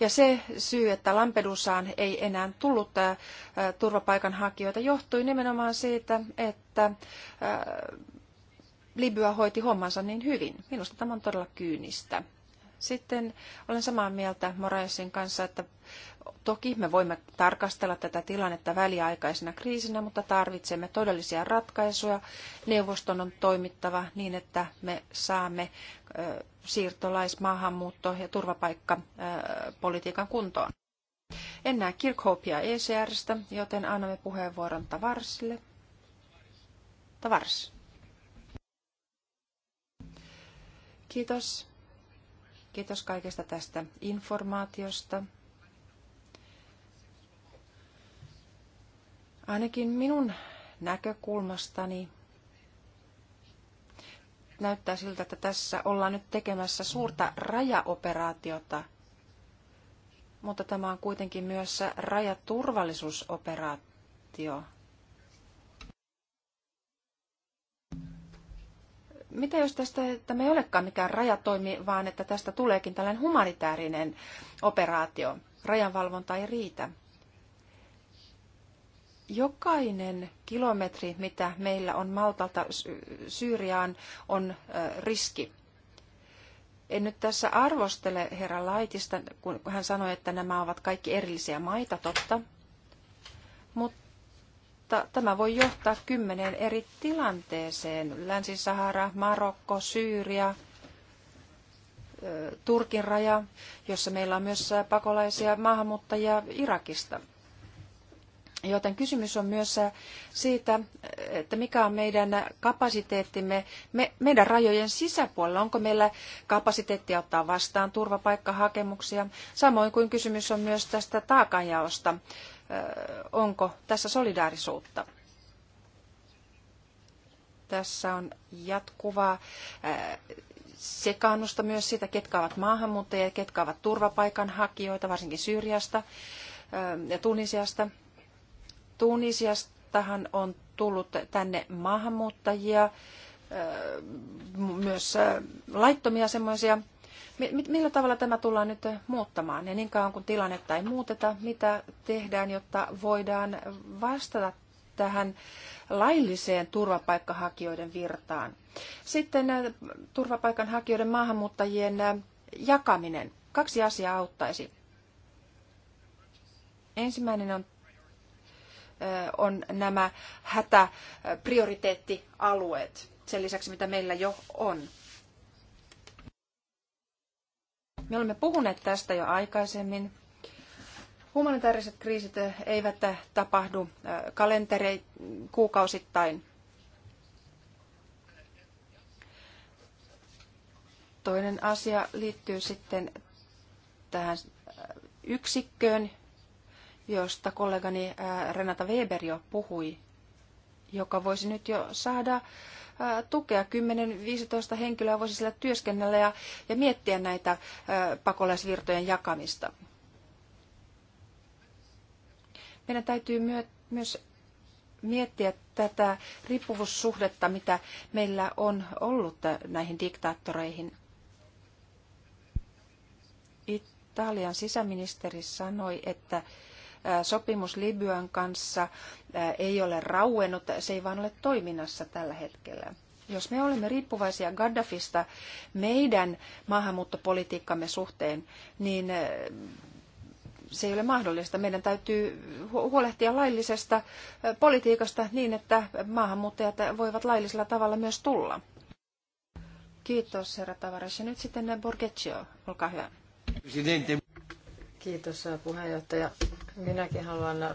Ja se syy, että Lampedusaan ei enää tullut eh, turvapaikanhakijoita, johtui nimenomaan siitä, että Libya hoiti hommansa niin hyvin. Minusta tämä on todella kyynistä. Sitten olen samaa mieltä Moraesin kanssa, että toki me voimme tarkastella tätä tilannetta väliaikaisena kriisinä, mutta tarvitsemme todellisia ratkaisuja. Neuvoston on toimittava niin, että me saamme siirtolais-, maahanmuutto- ja turvapaikkapolitiikan kuntoon. En näe Kirkhopia ECRstä, joten annamme puheenvuoron Tavarsille. Tavars. Kiitos. Kiitos kaikesta tästä informaatiosta. Ainakin minun näkökulmastani näyttää siltä, että tässä ollaan nyt tekemässä suurta rajaoperaatiota, mutta tämä on kuitenkin myös rajaturvallisuusoperaatio. mitä jos tästä tämä ei olekaan mikään rajatoimi, vaan että tästä tuleekin tällainen humanitaarinen operaatio? Rajanvalvonta ei riitä. Jokainen kilometri, mitä meillä on Maltalta Syyriaan, on riski. En nyt tässä arvostele herra Laitista, kun hän sanoi, että nämä ovat kaikki erillisiä maita, totta. Mutta mutta tämä voi johtaa kymmeneen eri tilanteeseen. Länsi-Sahara, Marokko, Syyria, Turkin raja, jossa meillä on myös pakolaisia maahanmuuttajia Irakista. Joten kysymys on myös siitä, että mikä on meidän kapasiteettimme me, meidän rajojen sisäpuolella. Onko meillä kapasiteettia ottaa vastaan turvapaikkahakemuksia? Samoin kuin kysymys on myös tästä taakanjaosta onko tässä solidaarisuutta. Tässä on jatkuvaa sekaannusta myös siitä, ketkä ovat maahanmuuttajia ja ketkä ovat turvapaikanhakijoita, varsinkin Syyriasta ja Tunisiasta. Tunisiastahan on tullut tänne maahanmuuttajia, myös laittomia semmoisia, Millä tavalla tämä tullaan nyt eh, muuttamaan? Ja niin kauan kun tilannetta ei muuteta, mitä tehdään, jotta voidaan vastata tähän lailliseen turvapaikkahakijoiden virtaan? Sitten eh, turvapaikanhakijoiden maahanmuuttajien eh, jakaminen. Kaksi asiaa auttaisi. Ensimmäinen on, on nämä hätäprioriteettialueet, sen lisäksi mitä meillä jo on Me olemme puhuneet tästä jo aikaisemmin. Humanitaariset kriisit eivät tapahdu kalenteri kuukausittain. Toinen asia liittyy sitten tähän yksikköön, josta kollegani Renata Weber jo puhui, joka voisi nyt jo saada tukea. 10-15 henkilöä voisi siellä työskennellä ja, ja miettiä näitä pakolaisvirtojen jakamista. Meidän täytyy myös miettiä tätä riippuvuussuhdetta, mitä meillä on ollut näihin diktaattoreihin. Italian sisäministeri sanoi, että sopimus Libyan kanssa ei ole rauennut, se ei vaan ole toiminnassa tällä hetkellä. Jos me olemme riippuvaisia Gaddafista meidän maahanmuuttopolitiikkamme suhteen, niin se ei ole mahdollista. Meidän täytyy huolehtia laillisesta politiikasta niin, että maahanmuuttajat voivat laillisella tavalla myös tulla. Kiitos, herra Tavares. Ja nyt sitten Borgeccio, olkaa hyvä. Kiitos, puheenjohtaja. Minäkin haluan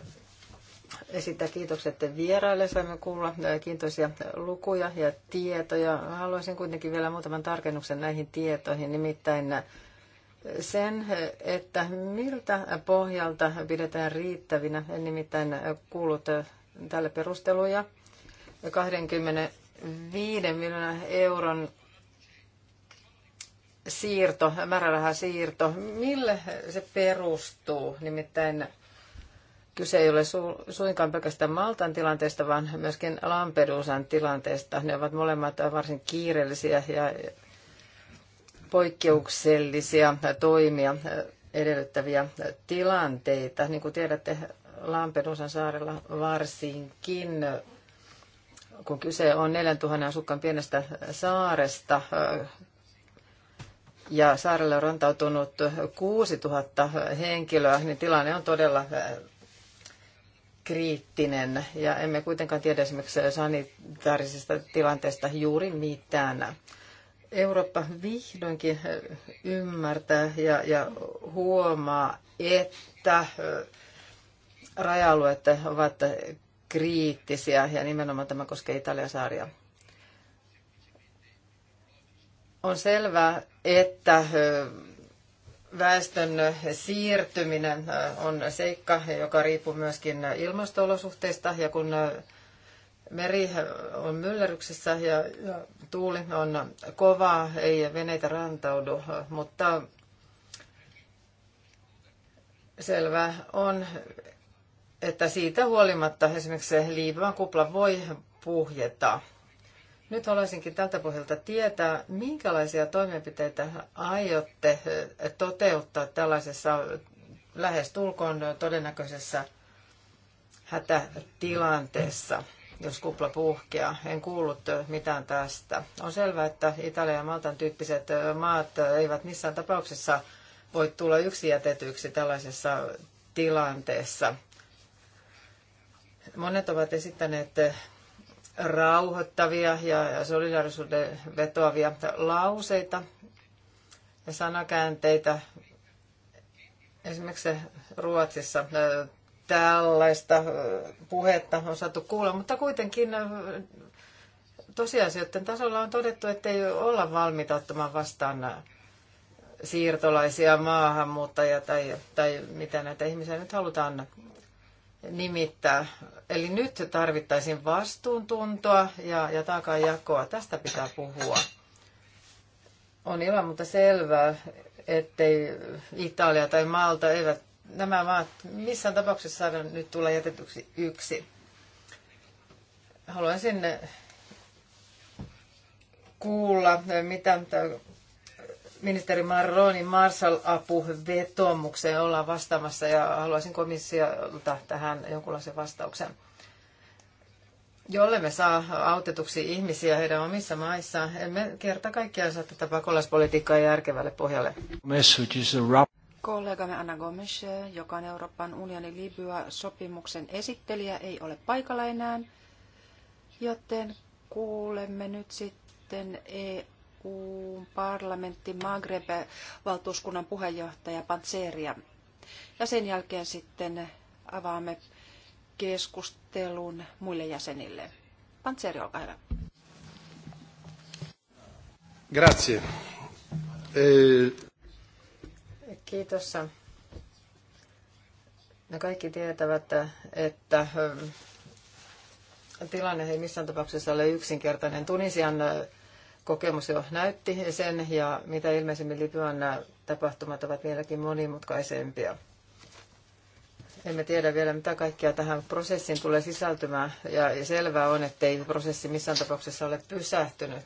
esittää kiitokset vieraille. Saimme kuulla äh, kiintoisia lukuja ja tietoja. Haluaisin kuitenkin vielä muutaman tarkennuksen näihin tietoihin, nimittäin äh, sen, äh, että miltä pohjalta pidetään riittävinä, en nimittäin kuullut tälle perusteluja, 25 miljoonan euron siirto, määrärahasiirto, mille se perustuu? Nimittäin Kyse ei ole su- suinkaan pelkästään Maltan tilanteesta, vaan myöskin Lampedusan tilanteesta. Ne ovat molemmat varsin kiireellisiä ja poikkeuksellisia toimia edellyttäviä tilanteita. Niin kuin tiedätte, Lampedusan saarella varsinkin, kun kyse on 4000 asukkaan pienestä saaresta, ja saarelle on rantautunut 6000 henkilöä, niin tilanne on todella kriittinen ja emme kuitenkaan tiedä esimerkiksi sanitaarisesta tilanteesta juuri mitään. Eurooppa vihdoinkin ymmärtää ja, ja huomaa, että äh, raja-alueet ovat kriittisiä ja nimenomaan tämä koskee Italian saaria. On selvää, että äh, väestön siirtyminen äh, on seikka, joka riippuu myöskin ilmastoolosuhteista. Ja kun äh, meri on myllerryksessä ja tuuli on kova, ei veneitä rantaudu, äh, mutta selvä on, että siitä huolimatta esimerkiksi liivan kupla voi puhjeta. Nyt haluaisinkin tältä pohjalta tietää, minkälaisia toimenpiteitä aiotte toteuttaa tällaisessa lähestulkoon todennäköisessä hätätilanteessa, jos kupla puhkeaa. En kuullut mitään tästä. On selvää, että Italia ja Maltan tyyppiset maat eivät missään tapauksessa voi tulla yksi jätetyksi tällaisessa tilanteessa. Monet ovat esittäneet rauhoittavia ja solidaarisuuden vetoavia lauseita ja sanakäänteitä. Esimerkiksi Ruotsissa tällaista puhetta on saatu kuulla, mutta kuitenkin tosiasioiden tasolla on todettu, että ei olla valmiita ottamaan vastaan siirtolaisia maahanmuuttajia tai, tai mitä näitä ihmisiä nyt halutaan nimittää. Eli nyt tarvittaisiin vastuuntuntoa ja, ja taakanjakoa. Tästä pitää puhua. On ilman muuta selvää, ettei Italia tai Malta eivät nämä maat missään tapauksessa saada nyt tulla jätetyksi yksi. Haluaisin kuulla, mitä ministeri Marronin Marshall-apuvetomukseen ollaan vastaamassa ja haluaisin komissiolta tähän jonkunlaisen vastauksen. Jolle me saa autetuksi ihmisiä heidän omissa maissaan, emme kerta kaikkiaan saa tätä pakolaispolitiikkaa järkevälle pohjalle. Kollegamme Anna Gomes, joka on Euroopan unionin Libya-sopimuksen esittelijä, ei ole paikalla enää, joten kuulemme nyt sitten EU kuun parlamentti Maghreb-valtuuskunnan puheenjohtaja Pantseria. Ja sen jälkeen sitten avaamme keskustelun muille jäsenille. Pantseri, olkaa hyvä. Grazie. E- Kiitos. No kaikki tietävät, että hm, tilanne ei missään tapauksessa ole yksinkertainen. Tunisian kokemus jo näytti sen, ja mitä ilmeisemmin Libyan nämä tapahtumat ovat vieläkin monimutkaisempia. Emme tiedä vielä, mitä kaikkea tähän prosessiin tulee sisältymään, ja selvää on, ei prosessi missään tapauksessa ole pysähtynyt.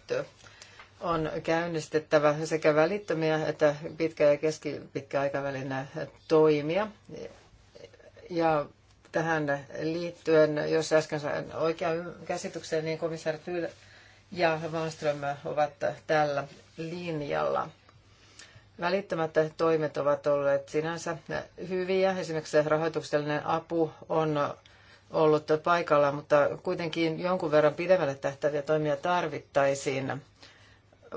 On käynnistettävä sekä välittömiä että pitkä- ja keskipitkäaikavälinä äh, toimia. Ja tähän liittyen, jos äsken sain oikean käsityksen, niin komissaari ja Wallström ovat tällä linjalla. Välittämättä toimet ovat olleet sinänsä hyviä. Esimerkiksi rahoituksellinen apu on ollut paikalla, mutta kuitenkin jonkun verran pidemmälle tähtäviä toimia tarvittaisiin.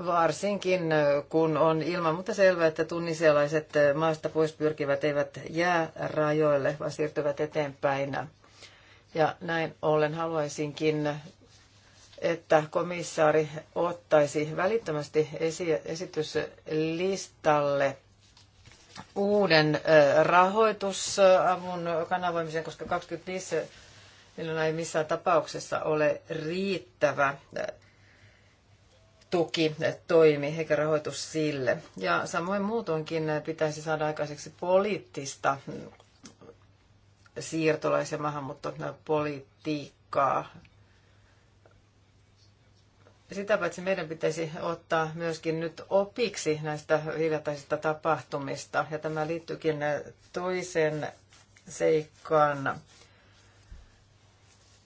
Varsinkin kun on ilman mutta selvää, että tunnisialaiset maasta pois pyrkivät eivät jää rajoille, vaan siirtyvät eteenpäin. Ja näin ollen haluaisinkin että komissaari ottaisi välittömästi esityslistalle uuden rahoitusavun kanavoimisen, koska 25 miljoonaa ei missään tapauksessa ole riittävä tuki toimi eikä rahoitus sille. Ja samoin muutoinkin pitäisi saada aikaiseksi poliittista siirtolais- ja maahanmuuttopolitiikkaa sitä paitsi meidän pitäisi ottaa myöskin nyt opiksi näistä hiljattaisista tapahtumista. Ja tämä liittyykin toisen seikkaan.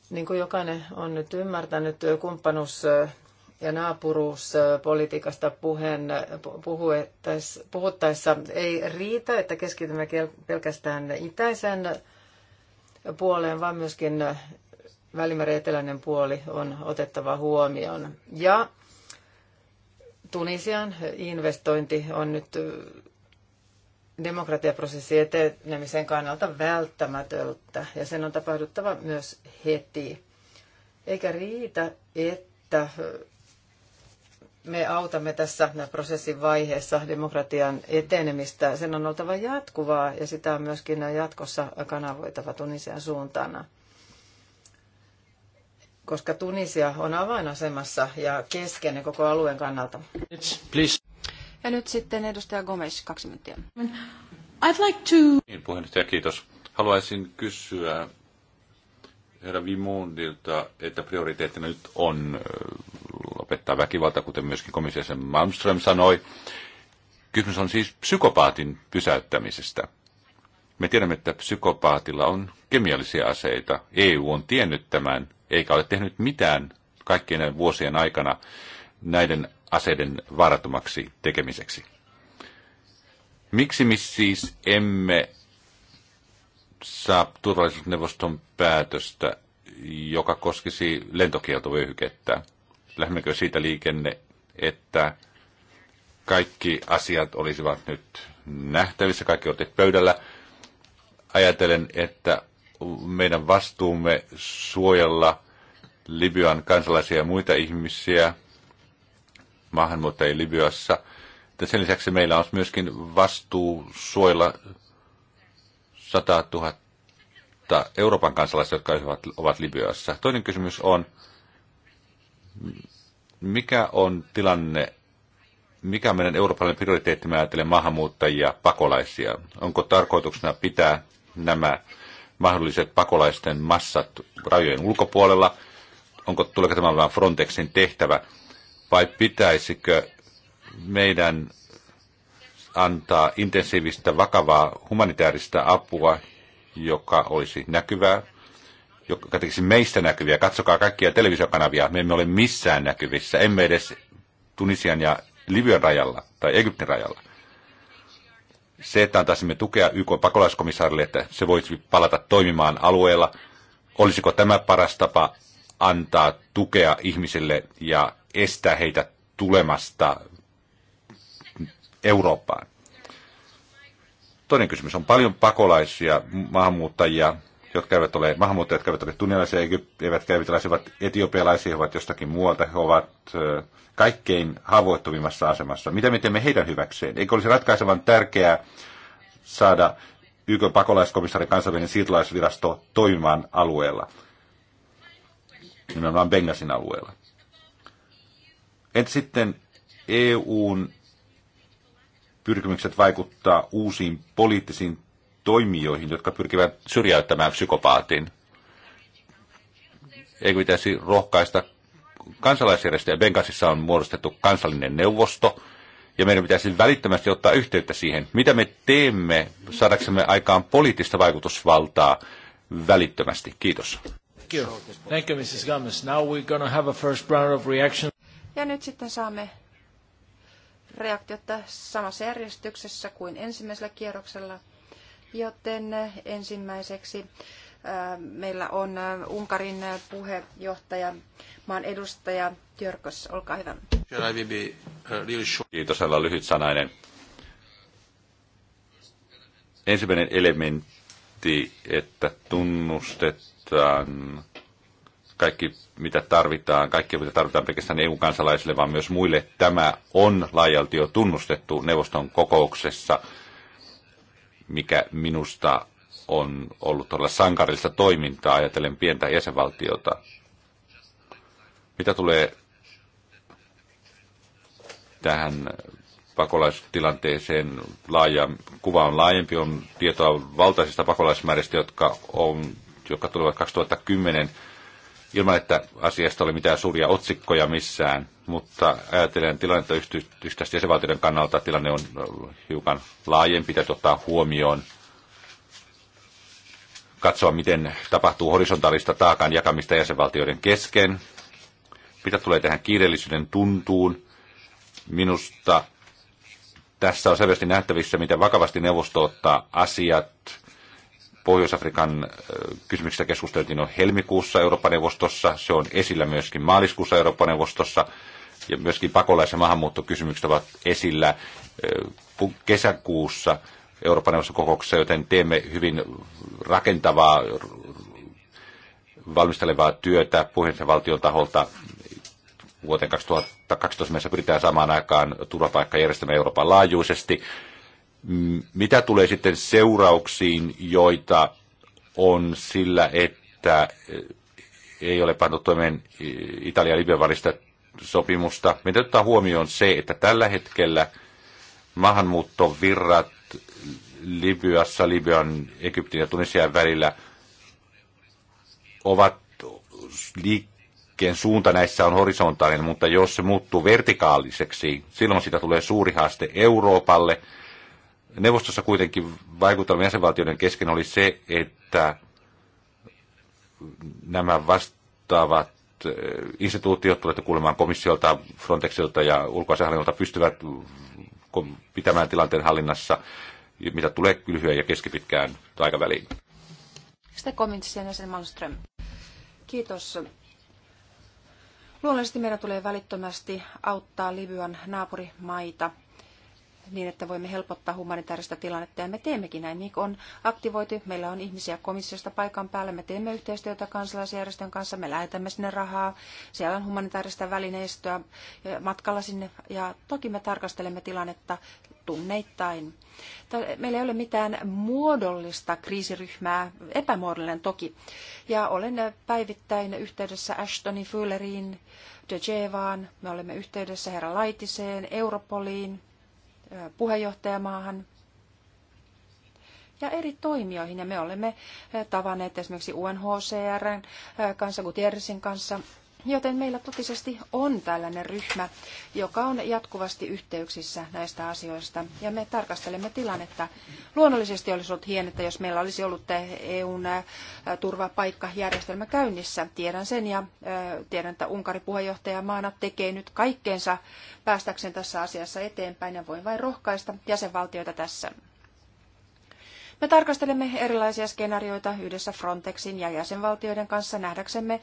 Niin kuin jokainen on nyt ymmärtänyt, kumppanuus ja naapuruuspolitiikasta puheen, puhuttaessa ei riitä, että keskitymme pelkästään itäisen puoleen, vaan myöskin Välimeren eteläinen puoli on otettava huomioon. Ja Tunisian investointi on nyt demokratiaprosessin etenemisen kannalta välttämätöntä ja sen on tapahduttava myös heti. Eikä riitä, että me autamme tässä prosessin vaiheessa demokratian etenemistä. Sen on oltava jatkuvaa ja sitä on myöskin jatkossa kanavoitava Tunisian suuntana koska Tunisia on avainasemassa ja keskeinen koko alueen kannalta. It's, ja nyt sitten edustaja Gomes, kaksi minuuttia. I'd like to... Niin, puheenjohtaja, kiitos. Haluaisin kysyä herra Vimundilta, että prioriteettina nyt on lopettaa väkivalta, kuten myöskin komissiossa Malmström sanoi. Kysymys on siis psykopaatin pysäyttämisestä. Me tiedämme, että psykopaatilla on kemiallisia aseita. EU on tiennyt tämän eikä ole tehnyt mitään kaikkien näiden vuosien aikana näiden aseiden vaarattomaksi tekemiseksi. Miksi me siis emme saa turvallisuusneuvoston päätöstä, joka koskisi lentokieltovyöhykettä? Lähemmekö siitä liikenne, että kaikki asiat olisivat nyt nähtävissä, kaikki oltiin pöydällä. Ajatelen, että meidän vastuumme suojella Libyan kansalaisia ja muita ihmisiä, maahanmuuttajia Libyassa. Ja sen lisäksi meillä on myöskin vastuu suojella 100 000 Euroopan kansalaisia, jotka ovat Libyassa. Toinen kysymys on, mikä on tilanne, mikä on meidän eurooppalainen prioriteetti, mä ajattelen maahanmuuttajia, pakolaisia? Onko tarkoituksena pitää nämä mahdolliset pakolaisten massat rajojen ulkopuolella? Onko, tuleeko tämä olemaan Frontexin tehtävä? Vai pitäisikö meidän antaa intensiivistä, vakavaa humanitaarista apua, joka olisi näkyvää, joka tekisi meistä näkyviä. Katsokaa kaikkia televisiokanavia. Me emme ole missään näkyvissä, emme edes Tunisian ja Libyan rajalla tai Egyptin rajalla. Se, että antaisimme tukea YK pakolaiskomissaarille, että se voisi palata toimimaan alueella, olisiko tämä paras tapa antaa tukea ihmisille ja estää heitä tulemasta Eurooppaan? Toinen kysymys on paljon pakolaisia, maahanmuuttajia, jotka eivät ole maahanmuuttajia, jotka eivät ole tunnilaisia, eivätkä egyptiläisiä, ovat etiopialaisia, ovat jostakin muualta, he ovat kaikkein haavoittuvimmassa asemassa. Mitä me teemme heidän hyväkseen? Eikö olisi ratkaisevan tärkeää saada YK pakolaiskomissaari kansainvälinen siirtolaisvirasto toimimaan alueella? Nimenomaan Bengasin alueella. Entä sitten EUn pyrkimykset vaikuttaa uusiin poliittisiin toimijoihin, jotka pyrkivät syrjäyttämään psykopaatin. Eikö pitäisi rohkaista kansalaisjärjestöjä? Bengasissa on muodostettu kansallinen neuvosto, ja meidän pitäisi välittömästi ottaa yhteyttä siihen, mitä me teemme saadaksemme aikaan poliittista vaikutusvaltaa välittömästi. Kiitos. Thank you, Mrs. Gomez. Now we're going to have a first round of reaction. Ja nyt sitten saamme reaktiota samassa järjestyksessä kuin ensimmäisellä kierroksella. Joten eh, ensimmäiseksi eh, meillä on eh, Unkarin puheenjohtaja, maan edustaja Jörkös, olkaa hyvä. Kiitos, olla lyhyt sanainen. Ensimmäinen elementti, että tunnustetaan kaikki, mitä tarvitaan, kaikki, mitä tarvitaan pelkästään EU-kansalaisille, vaan myös muille. Tämä on laajalti jo tunnustettu neuvoston kokouksessa – mikä minusta on ollut todella sankarista toimintaa ajatellen pientä jäsenvaltiota. Mitä tulee tähän pakolaistilanteeseen laaja, kuva on laajempi, on tietoa valtaisista pakolaismääristä, jotka, on, jotka tulevat 2010 ilman, että asiasta oli mitään suuria otsikkoja missään, mutta ajatellen tilannetta yksittäisten jäsenvaltioiden kannalta tilanne on hiukan laajempi, Pitää ottaa huomioon katsoa, miten tapahtuu horisontaalista taakan jakamista jäsenvaltioiden kesken. Mitä tulee tähän kiireellisyyden tuntuun, minusta tässä on selvästi nähtävissä, miten vakavasti neuvosto ottaa asiat Pohjois-Afrikan kysymyksistä keskusteltiin on helmikuussa Eurooppa-neuvostossa, se on esillä myöskin maaliskuussa Eurooppa-neuvostossa, ja myöskin pakolais- ja maahanmuuttokysymykset ovat esillä kesäkuussa Euroopan neuvoston kokouksessa, joten teemme hyvin rakentavaa, valmistelevaa työtä valtion taholta. Vuoteen 2012 mennessä pyritään samaan aikaan turvapaikkajärjestelmä Euroopan laajuisesti. Mm, mitä tulee sitten seurauksiin, joita on sillä, että eh, ei ole pantu toimeen eh, Italian Libyan välistä sopimusta. Meidän ottaa huomioon se, että tällä hetkellä maahanmuuttovirrat Libyassa, Libyan, Egyptin ja Tunisian välillä ovat liikkeen suunta näissä on horisontaalinen, mutta jos se muuttuu vertikaaliseksi, silloin siitä tulee suuri haaste Euroopalle – Neuvostossa kuitenkin vaikutelma jäsenvaltioiden kesken oli se, että nämä vastaavat eh, instituutiot, tulette kuulemaan komissiolta, Frontexilta ja ulkoasiahallinnolta pystyvät pitämään tilanteen hallinnassa, mitä tulee lyhyen ja keskipitkään aikaväliin. Sitä komissio jäsen Malmström. Kiitos. Luonnollisesti meidän tulee välittömästi auttaa Libyan naapurimaita – niin, että voimme helpottaa humanitaarista tilannetta, ja me teemmekin näin, niin on aktivoitu. Meillä on ihmisiä komissiosta paikan päällä, me teemme yhteistyötä kansalaisjärjestön kanssa, me lähetämme sinne rahaa, siellä on humanitaarista välineistöä matkalla sinne, ja toki me tarkastelemme tilannetta tunneittain. Meillä ei ole mitään muodollista kriisiryhmää, epämuodollinen toki, ja olen päivittäin yhteydessä Ashtoni Fülleriin, Dejevaan, me olemme yhteydessä herra Laitiseen, Europoliin, puheenjohtajamaahan ja eri toimijoihin. Ja me olemme tavanneet esimerkiksi UNHCR kanssa, Gutierrezin kanssa Joten meillä totisesti on tällainen ryhmä, joka on jatkuvasti yhteyksissä näistä asioista, ja me tarkastelemme tilannetta. Luonnollisesti olisi ollut hienoa, jos meillä olisi ollut EUn turvapaikkajärjestelmä käynnissä. Tiedän sen, ja tiedän, että Unkari puheenjohtajamaana tekee nyt kaikkeensa päästäkseen tässä asiassa eteenpäin, ja voin vain rohkaista jäsenvaltioita tässä. Me tarkastelemme erilaisia skenaarioita yhdessä Frontexin ja jäsenvaltioiden kanssa nähdäksemme,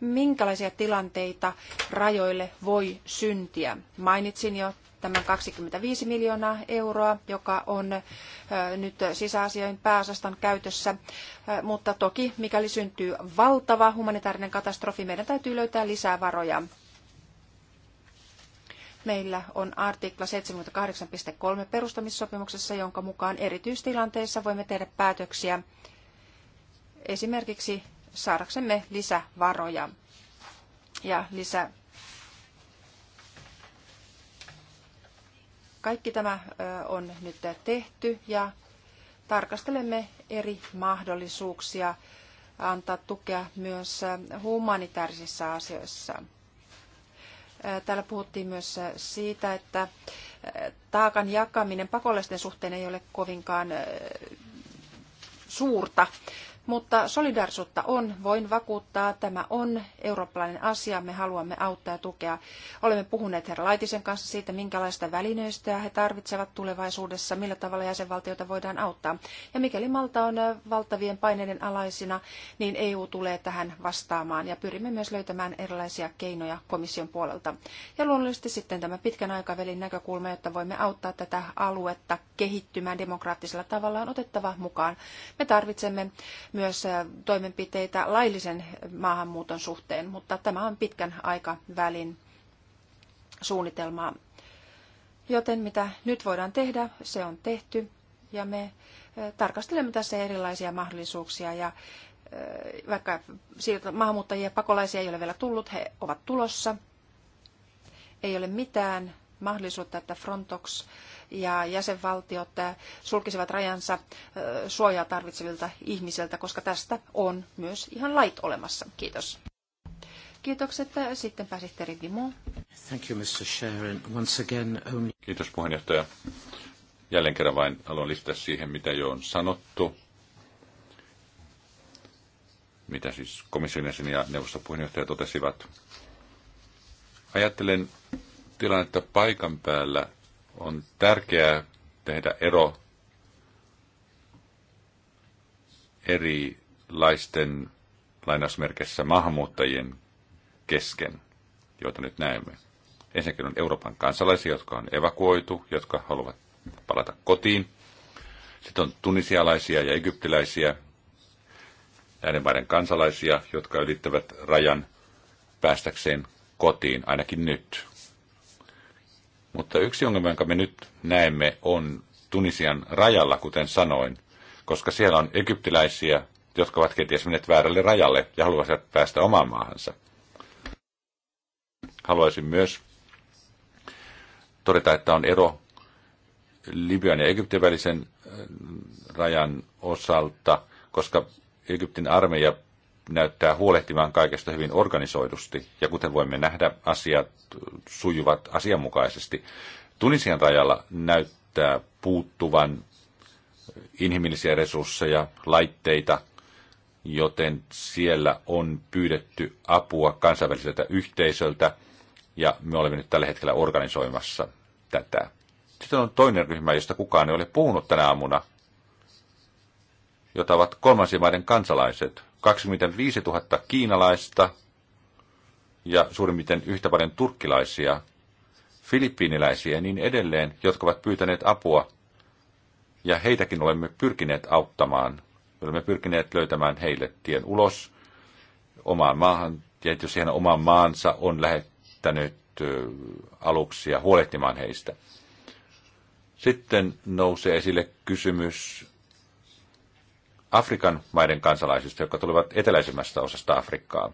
minkälaisia tilanteita rajoille voi syntyä. Mainitsin jo tämän 25 miljoonaa euroa, joka on nyt sisäasioiden pääosaston käytössä. Mutta toki, mikäli syntyy valtava humanitaarinen katastrofi, meidän täytyy löytää lisää varoja. Meillä on artikla 78.3 perustamissopimuksessa, jonka mukaan erityistilanteissa voimme tehdä päätöksiä esimerkiksi saadaksemme lisävaroja ja lisä Kaikki tämä on nyt tehty ja tarkastelemme eri mahdollisuuksia antaa tukea myös humanitaarisissa asioissa. Täällä puhuttiin myös siitä, että taakan jakaminen pakolaisten suhteen ei ole kovinkaan suurta mutta solidarisuutta on, voin vakuuttaa, tämä on eurooppalainen asia, me haluamme auttaa ja tukea. Olemme puhuneet herra Laitisen kanssa siitä, minkälaista välineistöä he tarvitsevat tulevaisuudessa, millä tavalla jäsenvaltioita voidaan auttaa. Ja mikäli Malta on äh, valtavien paineiden alaisina, niin EU tulee tähän vastaamaan ja pyrimme myös löytämään erilaisia keinoja komission puolelta. Ja luonnollisesti sitten tämä pitkän aikavälin näkökulma, jotta voimme auttaa tätä aluetta kehittymään demokraattisella tavalla, on otettava mukaan. Me tarvitsemme myös toimenpiteitä laillisen maahanmuuton suhteen, mutta tämä on pitkän aikavälin suunnitelmaa. Joten mitä nyt voidaan tehdä, se on tehty ja me tarkastelemme tässä erilaisia mahdollisuuksia ja vaikka maahanmuuttajia ja pakolaisia ei ole vielä tullut, he ovat tulossa. Ei ole mitään mahdollisuutta, että Frontox ja jäsenvaltiot eh, sulkisivat rajansa eh, suojaa tarvitsevilta ihmisiltä, koska tästä on myös ihan lait olemassa. Kiitos. Kiitokset. Eh, sitten pääsihteeri Vimo. Thank you, Mr. Sharon. Once again, only... Kiitos puheenjohtaja. Jälleen kerran vain haluan lisätä siihen, mitä jo on sanottu mitä siis komission jäsen ja neuvoston puheenjohtaja totesivat. Ajattelen tilannetta paikan päällä on tärkeää tehdä ero erilaisten lainausmerkeissä maahanmuuttajien kesken, joita nyt näemme. Ensinnäkin on Euroopan kansalaisia, jotka on evakuoitu, jotka haluavat palata kotiin. Sitten on tunisialaisia ja egyptiläisiä, näiden maiden kansalaisia, jotka ylittävät rajan päästäkseen kotiin, ainakin nyt. Mutta yksi ongelma, jonka me nyt näemme, on Tunisian rajalla, kuten sanoin, koska siellä on egyptiläisiä, jotka ovat kenties menneet väärälle rajalle ja haluaisivat päästä omaan maahansa. Haluaisin myös todeta, että on ero Libyan ja Egyptin välisen äh, rajan osalta, koska Egyptin armeija näyttää huolehtivan kaikesta hyvin organisoidusti, ja kuten voimme nähdä, asiat sujuvat asianmukaisesti. Tunisian rajalla näyttää puuttuvan inhimillisiä resursseja, laitteita, joten siellä on pyydetty apua kansainväliseltä yhteisöltä, ja me olemme nyt tällä hetkellä organisoimassa tätä. Sitten on toinen ryhmä, josta kukaan ei ole puhunut tänä aamuna, jota ovat kolmansien maiden kansalaiset, 25 000 kiinalaista ja suurimmiten yhtä paljon turkkilaisia, filippiiniläisiä ja niin edelleen, jotka ovat pyytäneet apua. Ja heitäkin olemme pyrkineet auttamaan. Olemme pyrkineet löytämään heille tien ulos omaan maahan. Ja jos siihen oman maansa on lähettänyt aluksia huolehtimaan heistä. Sitten nousee esille kysymys Afrikan maiden kansalaisista, jotka tulivat eteläisemmästä osasta Afrikkaa.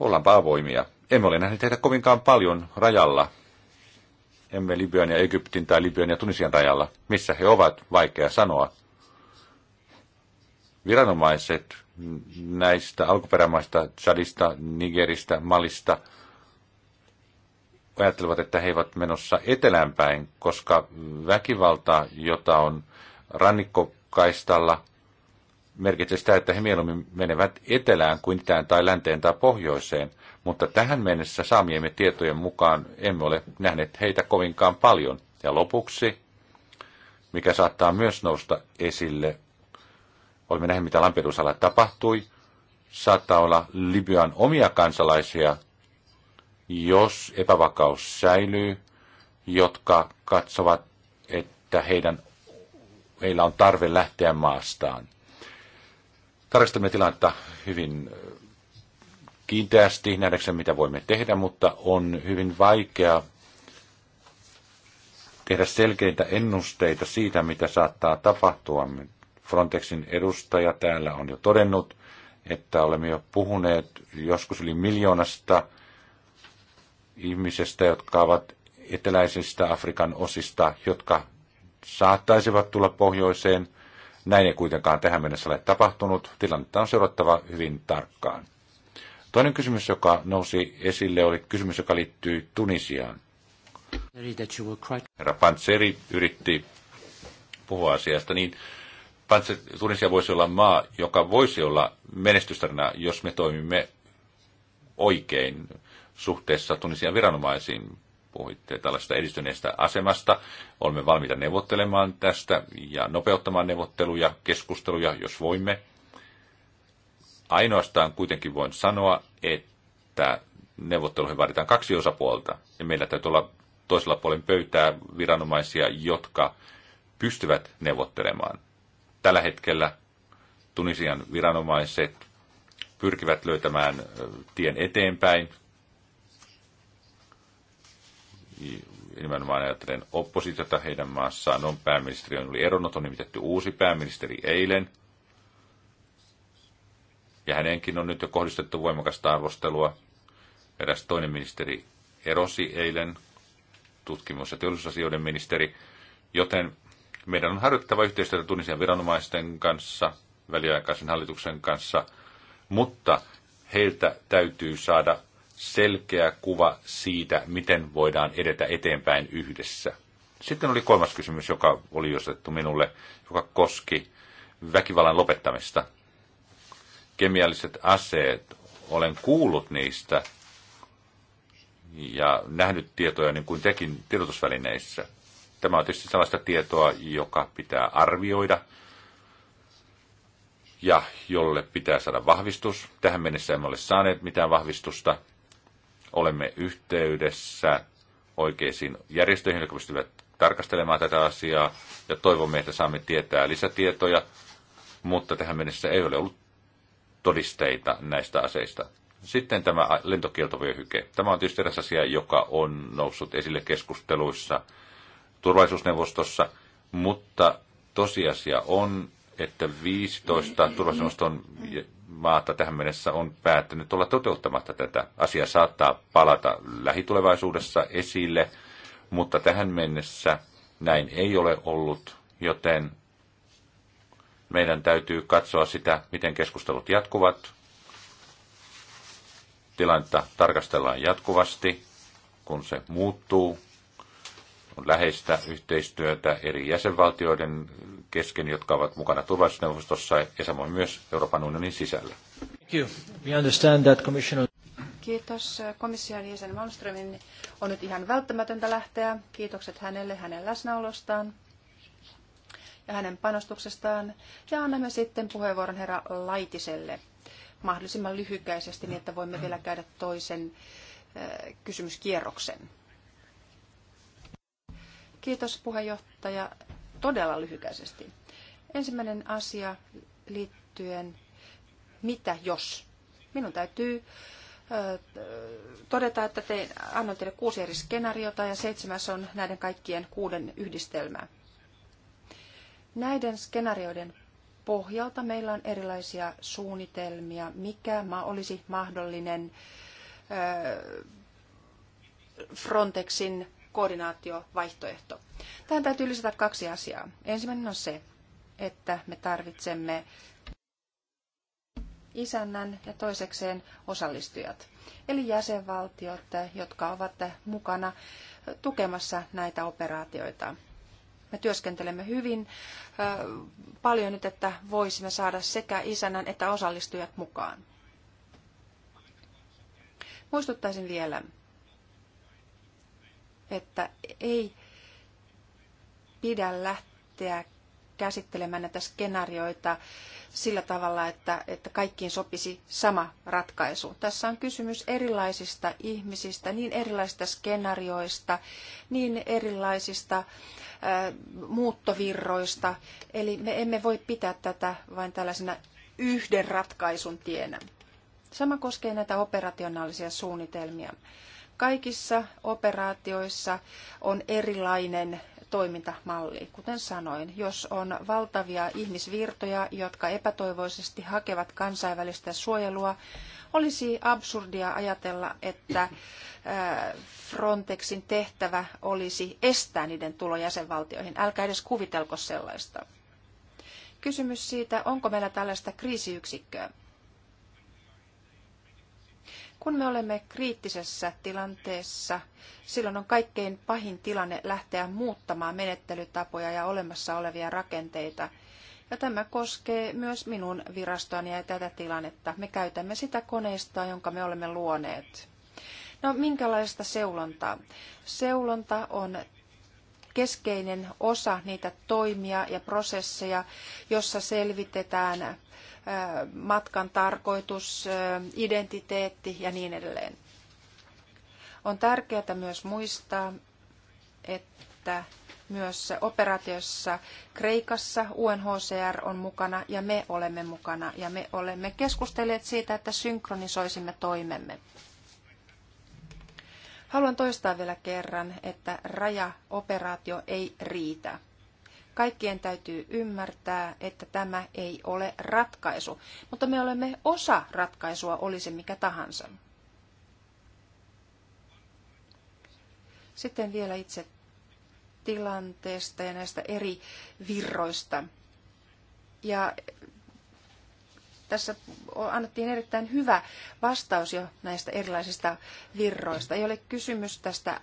Ollaanpa avoimia. Emme ole nähneet heitä kovinkaan paljon rajalla. Emme Libyan ja Egyptin tai Libyan ja Tunisian rajalla. Missä he ovat, vaikea sanoa. Viranomaiset näistä alkuperämaista, Chadista, Nigeristä, Malista, ajattelevat, että he eivät menossa eteläänpäin, koska väkivalta, jota on rannikko kaistalla merkitsee sitä, että he mieluummin menevät etelään kuin itään tai länteen tai pohjoiseen, mutta tähän mennessä saamiemme tietojen mukaan emme ole nähneet heitä kovinkaan paljon. Ja lopuksi, mikä saattaa myös nousta esille, olemme nähneet mitä Lampedusalla tapahtui, saattaa olla Libyan omia kansalaisia, jos epävakaus säilyy, jotka katsovat, että heidän heillä on tarve lähteä maastaan. Tarkastamme tilannetta hyvin äh, kiinteästi, nähdäksemme mitä voimme tehdä, mutta on hyvin vaikea tehdä selkeitä ennusteita siitä, mitä saattaa tapahtua. Frontexin edustaja täällä on jo todennut, että olemme jo puhuneet joskus yli miljoonasta ihmisestä, jotka ovat eteläisistä Afrikan osista, jotka saattaisivat tulla pohjoiseen. Näin ei kuitenkaan tähän mennessä ole tapahtunut. Tilannetta on seurattava hyvin tarkkaan. Toinen kysymys, joka nousi esille, oli kysymys, joka liittyy Tunisiaan. Herra Pantseri yritti puhua asiasta, niin Tunisia voisi olla maa, joka voisi olla menestystarina, jos me toimimme oikein suhteessa Tunisian viranomaisiin puhuitte tällaista edistyneestä asemasta. Olemme valmiita neuvottelemaan tästä ja nopeuttamaan neuvotteluja, keskusteluja, jos voimme. Ainoastaan kuitenkin voin sanoa, että neuvotteluihin vaaditaan kaksi osapuolta. Ja meillä täytyy olla toisella puolen pöytää viranomaisia, jotka pystyvät neuvottelemaan. Tällä hetkellä Tunisian viranomaiset pyrkivät löytämään tien eteenpäin nimenomaan ajattelen oppositiota heidän maassaan, on pääministeri on oli eronnut, on nimitetty uusi pääministeri eilen. Ja hänenkin on nyt jo kohdistettu voimakasta arvostelua. Eräs toinen ministeri erosi eilen, tutkimus- ja teollisuusasioiden ministeri, joten meidän on harjoittava yhteistyötä tunnisen viranomaisten kanssa, väliaikaisen hallituksen kanssa, mutta heiltä täytyy saada selkeä kuva siitä, miten voidaan edetä eteenpäin yhdessä. Sitten oli kolmas kysymys, joka oli osoitettu minulle, joka koski väkivallan lopettamista. Kemialliset aseet, olen kuullut niistä ja nähnyt tietoja niin kuin tekin tiedotusvälineissä. Tämä on tietysti sellaista tietoa, joka pitää arvioida ja jolle pitää saada vahvistus. Tähän mennessä emme ole saaneet mitään vahvistusta. Olemme yhteydessä oikeisiin järjestöihin, jotka pystyvät tarkastelemaan tätä asiaa ja toivomme, että saamme tietää lisätietoja, mutta tähän mennessä ei ole ollut todisteita näistä aseista. Sitten tämä lentokieltovyöhyke. Tämä on tietysti eräs asia, joka on noussut esille keskusteluissa turvallisuusneuvostossa, mutta tosiasia on, että 15 turvallisuusneuvoston maata tähän mennessä on päättänyt olla toteuttamatta tätä. Asia saattaa palata lähitulevaisuudessa esille, mutta tähän mennessä näin ei ole ollut, joten meidän täytyy katsoa sitä, miten keskustelut jatkuvat. Tilannetta tarkastellaan jatkuvasti, kun se muuttuu on läheistä yhteistyötä eri jäsenvaltioiden kesken, jotka ovat mukana turvallisuusneuvostossa ja samoin myös Euroopan unionin sisällä. Kiitos. Komission jäsen Malmströmin on nyt ihan välttämätöntä lähteä. Kiitokset hänelle hänen läsnäolostaan ja hänen panostuksestaan. Ja annamme sitten puheenvuoron herra Laitiselle mahdollisimman lyhykäisesti, niin että voimme vielä käydä toisen eh, kysymyskierroksen. Kiitos puheenjohtaja todella lyhykäisesti. Ensimmäinen asia liittyen, mitä jos? Minun täytyy todeta, että te, annoin teille kuusi eri skenaariota ja seitsemäs on näiden kaikkien kuuden yhdistelmää. Näiden skenaarioiden pohjalta meillä on erilaisia suunnitelmia, mikä olisi mahdollinen Frontexin koordinaatiovaihtoehto. Tähän täytyy lisätä kaksi asiaa. Ensimmäinen on se, että me tarvitsemme isännän ja toisekseen osallistujat, eli jäsenvaltiot, jotka ovat mukana tukemassa näitä operaatioita. Me työskentelemme hyvin paljon nyt, että voisimme saada sekä isännän että osallistujat mukaan. Muistuttaisin vielä, että ei pidä lähteä käsittelemään näitä skenaarioita sillä tavalla, että, että kaikkiin sopisi sama ratkaisu. Tässä on kysymys erilaisista ihmisistä, niin erilaisista skenaarioista, niin erilaisista äh, muuttovirroista. Eli me emme voi pitää tätä vain tällaisena yhden ratkaisun tienä. Sama koskee näitä operationaalisia suunnitelmia. Kaikissa operaatioissa on erilainen toimintamalli. Kuten sanoin, jos on valtavia ihmisvirtoja, jotka epätoivoisesti hakevat kansainvälistä suojelua, olisi absurdia ajatella, että äh, Frontexin tehtävä olisi estää niiden tulo jäsenvaltioihin. Älkää edes kuvitelko sellaista. Kysymys siitä, onko meillä tällaista kriisiyksikköä. Kun me olemme kriittisessä tilanteessa, silloin on kaikkein pahin tilanne lähteä muuttamaan menettelytapoja ja olemassa olevia rakenteita. Ja tämä koskee myös minun virastoni ja tätä tilannetta. Me käytämme sitä koneistoa, jonka me olemme luoneet. No minkälaista seulontaa? Seulonta on keskeinen osa niitä toimia ja prosesseja, jossa selvitetään matkan tarkoitus, identiteetti ja niin edelleen. On tärkeää myös muistaa, että myös operaatiossa Kreikassa UNHCR on mukana ja me olemme mukana ja me olemme keskustelleet siitä, että synkronisoisimme toimemme. Haluan toistaa vielä kerran, että rajaoperaatio ei riitä. Kaikkien täytyy ymmärtää, että tämä ei ole ratkaisu, mutta me olemme osa ratkaisua, oli se mikä tahansa. Sitten vielä itse tilanteesta ja näistä eri virroista. Ja tässä annettiin erittäin hyvä vastaus jo näistä erilaisista virroista. Ei ole kysymys tästä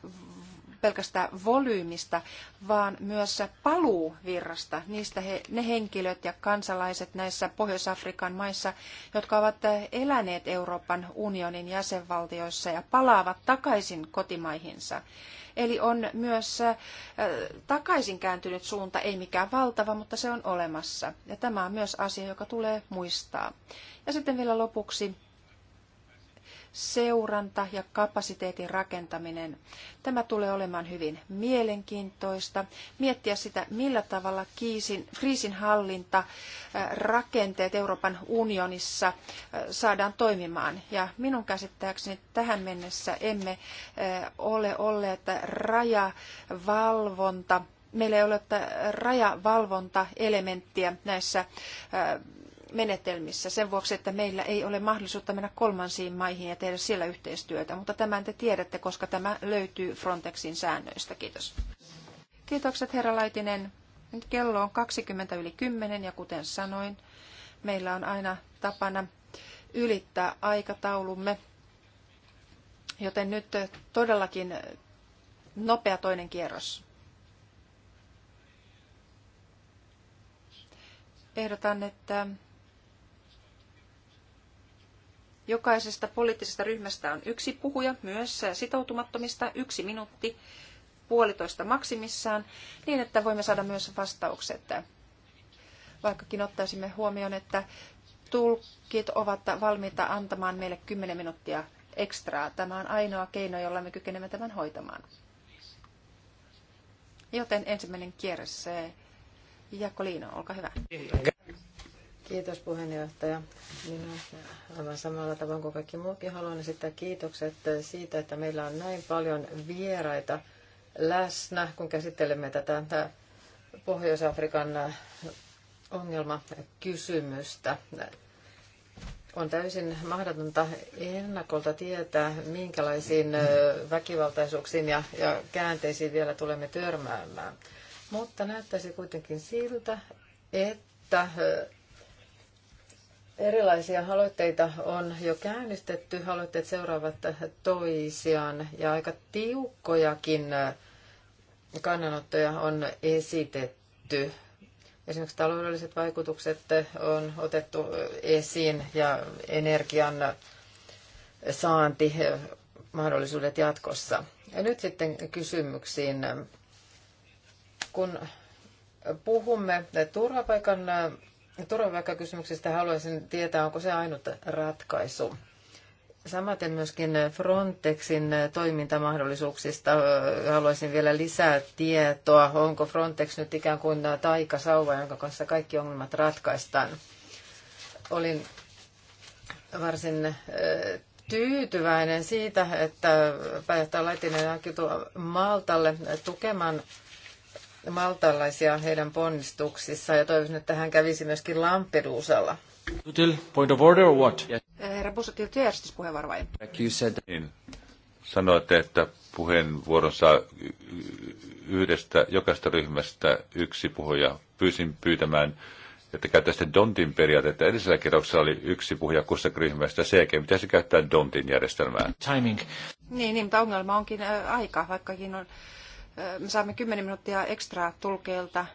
pelkästään volyymista, vaan myös paluuvirrasta, niistä he, ne henkilöt ja kansalaiset näissä Pohjois-Afrikan maissa, jotka ovat eläneet Euroopan unionin jäsenvaltioissa ja palaavat takaisin kotimaihinsa. Eli on myös äh, takaisin kääntynyt suunta, ei mikään valtava, mutta se on olemassa. Ja tämä on myös asia, joka tulee muistaa. Ja sitten vielä lopuksi seuranta ja kapasiteetin rakentaminen. Tämä tulee olemaan hyvin mielenkiintoista. Miettiä sitä, millä tavalla kiisin, hallinta äh, rakenteet Euroopan unionissa äh, saadaan toimimaan. Ja minun käsittääkseni tähän mennessä emme äh, ole olleet rajavalvonta meillä ei ole rajavalvonta-elementtiä näissä menetelmissä sen vuoksi, että meillä ei ole mahdollisuutta mennä kolmansiin maihin ja tehdä siellä yhteistyötä, mutta tämän te tiedätte, koska tämä löytyy Frontexin säännöistä. Kiitos. Kiitokset herra Laitinen. Nyt kello on 20 yli 10 ja kuten sanoin, meillä on aina tapana ylittää aikataulumme, joten nyt todellakin nopea toinen kierros. ehdotan, että Jokaisesta poliittisesta ryhmästä on yksi puhuja, myös sitoutumattomista, yksi minuutti, puolitoista maksimissaan, niin että voimme saada myös vastaukset. Vaikkakin ottaisimme huomioon, että tulkit ovat valmiita antamaan meille 10 minuuttia ekstraa. Tämä on ainoa keino, jolla me kykenemme tämän hoitamaan. Joten ensimmäinen kierros, Jakolino, olkaa hyvä. Kiitos puheenjohtaja. Minä aivan samalla tavoin kuin kaikki muukin haluan esittää kiitokset siitä, että meillä on näin paljon vieraita läsnä, kun käsittelemme tätä, tätä Pohjois-Afrikan ongelmakysymystä. On täysin mahdotonta ennakolta tietää, minkälaisiin väkivaltaisuuksiin ja, ja käänteisiin vielä tulemme törmäämään. Mutta näyttäisi kuitenkin siltä, että että Erilaisia aloitteita on jo käynnistetty. Aloitteet seuraavat toisiaan ja aika tiukkojakin kannanottoja on esitetty. Esimerkiksi taloudelliset vaikutukset on otettu esiin ja energian saanti mahdollisuudet jatkossa. Ja nyt sitten kysymyksiin. Kun puhumme turvapaikan Turvapaikkakysymyksestä haluaisin tietää, onko se ainut ratkaisu. Samaten myöskin Frontexin toimintamahdollisuuksista haluaisin vielä lisää tietoa. Onko Frontex nyt ikään kuin taikasauva, jonka kanssa kaikki ongelmat ratkaistaan? Olin varsin tyytyväinen siitä, että pääjohtaja Laitinen on Maltalle tukemaan maltalaisia heidän ponnistuksissaan ja toivoisin, että hän kävisi myöskin Lampedusalla. Point of order or what? Herra Busotil, työjärjestyspuheenvuoro vai? Niin. Sanoitte, että puheenvuoronsa yhdestä, jokaista ryhmästä yksi puhuja. Pyysin pyytämään, että käyttäisitte Dontin periaatetta. Edellisellä kerroksella oli yksi puhuja kussakin ryhmästä. Sen jälkeen pitäisi käyttää Dontin järjestelmää. Timing. Niin, niin, mutta ongelma onkin aika, vaikkakin on me saamme 10 minuuttia ekstraa tulkeilta,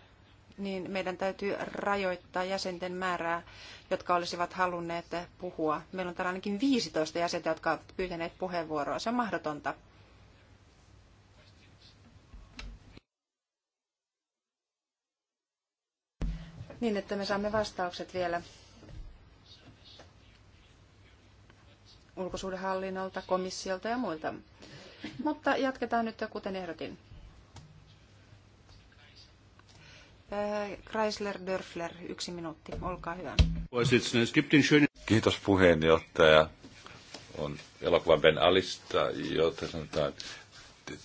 niin meidän täytyy rajoittaa jäsenten määrää, jotka olisivat halunneet puhua. Meillä on täällä ainakin 15 jäsentä, jotka ovat pyytäneet puheenvuoroa. Se on mahdotonta. Niin, että me saamme vastaukset vielä ulkosuudenhallinnolta, komissiolta ja muilta. Mutta jatketaan nyt, kuten ehdotin. Äh, Chrysler Dörfler, yksi minuutti, olkaa hyvä. Kiitos puheenjohtaja. On elokuva Ben Alista, jota sanotaan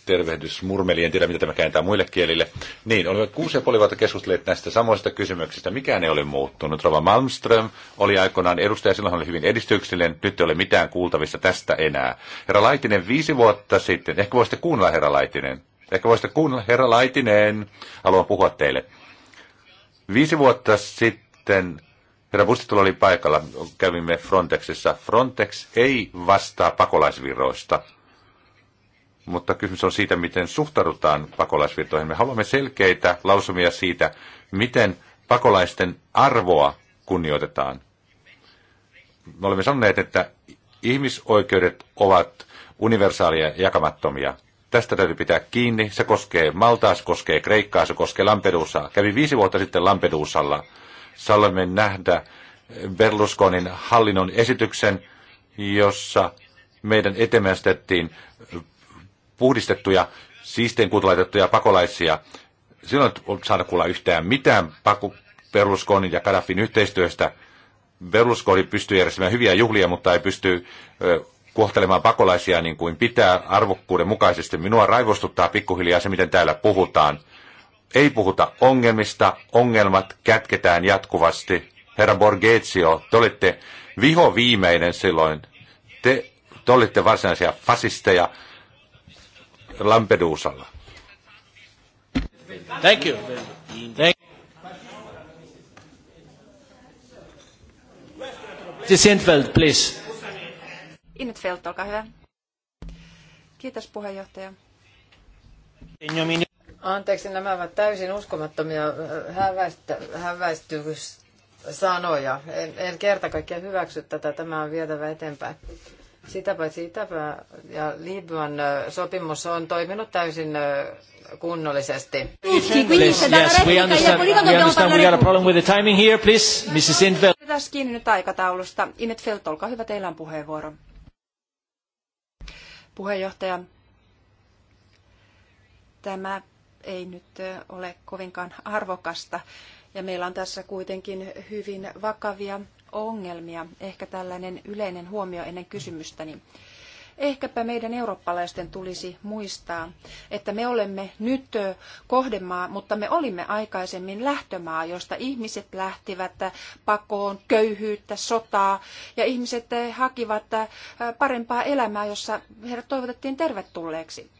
tervehdys murmeli, en tiedä mitä tämä kääntää muille kielille. Niin, olemme kuusi ja puoli vuotta keskustelleet näistä samoista kysymyksistä. Mikään ei ole muuttunut. Rova Malmström oli aikoinaan edustaja, silloin oli hyvin edistyksellinen, nyt ei ole mitään kuultavissa tästä enää. Herra Laitinen, viisi vuotta sitten, ehkä voisitte kuunnella herra Laitinen. Ehkä voisitte kuunnella herra Laitinen, haluan puhua teille. Viisi vuotta sitten herra Bustitula oli paikalla, kävimme Frontexissa. Frontex ei vastaa pakolaisvirroista, mutta kysymys on siitä, miten suhtaudutaan pakolaisvirtoihin. Me haluamme selkeitä lausumia siitä, miten pakolaisten arvoa kunnioitetaan. Me olemme sanoneet, että ihmisoikeudet ovat universaalia ja jakamattomia. Tästä täytyy pitää kiinni. Se koskee Maltaa, se koskee Kreikkaa, se koskee Lampedusaa. Kävi viisi vuotta sitten Lampedusalla. Saamme nähdä Berlusconin hallinnon esityksen, jossa meidän etemästettiin puhdistettuja, siisteen kuutalaitettuja pakolaisia. Silloin ei saada kuulla yhtään mitään paku Berlusconin ja Gaddafin yhteistyöstä. Berlusconi pystyy järjestämään hyviä juhlia, mutta ei pysty kohtelemaan pakolaisia niin kuin pitää arvokkuuden mukaisesti. Minua raivostuttaa pikkuhiljaa se, miten täällä puhutaan. Ei puhuta ongelmista, ongelmat kätketään jatkuvasti. Herra Borgetsio, te olitte viho viimeinen silloin. Te, te olitte varsinaisia fasisteja Lampedusalla. Thank you. Thank you. Sintfeld, please. Innetfeldt, olkaa hyvä. Kiitos puheenjohtaja. Anteeksi, nämä ovat täysin uskomattomia äh, häväistä, häväistyvyssanoja. En, en kerta kaikkiaan hyväksy tätä, tämä on vietävä eteenpäin. Sitä paitsi Itäpä ja Libyan äh, sopimus on toiminut täysin äh, kunnollisesti. Pitäisi kiinni nyt aikataulusta. Inet Felt, olkaa hyvä, teillä on puheenvuoro puheenjohtaja. Tämä ei nyt ole kovinkaan arvokasta ja meillä on tässä kuitenkin hyvin vakavia ongelmia. Ehkä tällainen yleinen huomio ennen kysymystäni. Niin Ehkäpä meidän eurooppalaisten tulisi muistaa, että me olemme nyt kohdemaa, mutta me olimme aikaisemmin lähtömaa, josta ihmiset lähtivät pakoon köyhyyttä, sotaa ja ihmiset hakivat parempaa elämää, jossa heidät toivotettiin tervetulleeksi.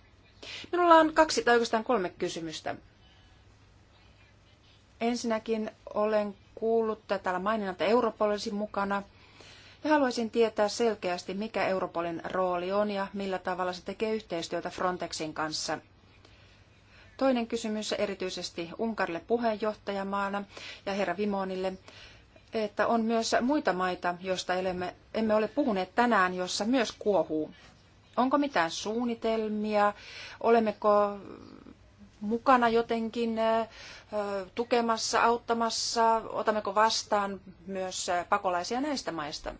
Minulla on kaksi tai oikeastaan kolme kysymystä. Ensinnäkin olen kuullut täällä maininnan, että Europol olisi mukana – ja haluaisin tietää selkeästi, mikä Europolin rooli on ja millä tavalla se tekee yhteistyötä Frontexin kanssa. Toinen kysymys erityisesti Unkarille puheenjohtajamaana ja herra Vimonille, että on myös muita maita, joista emme, emme ole puhuneet tänään, jossa myös kuohuu. Onko mitään suunnitelmia? Olemmeko mukana jotenkin tukemassa, auttamassa? Otammeko vastaan myös pakolaisia näistä maista?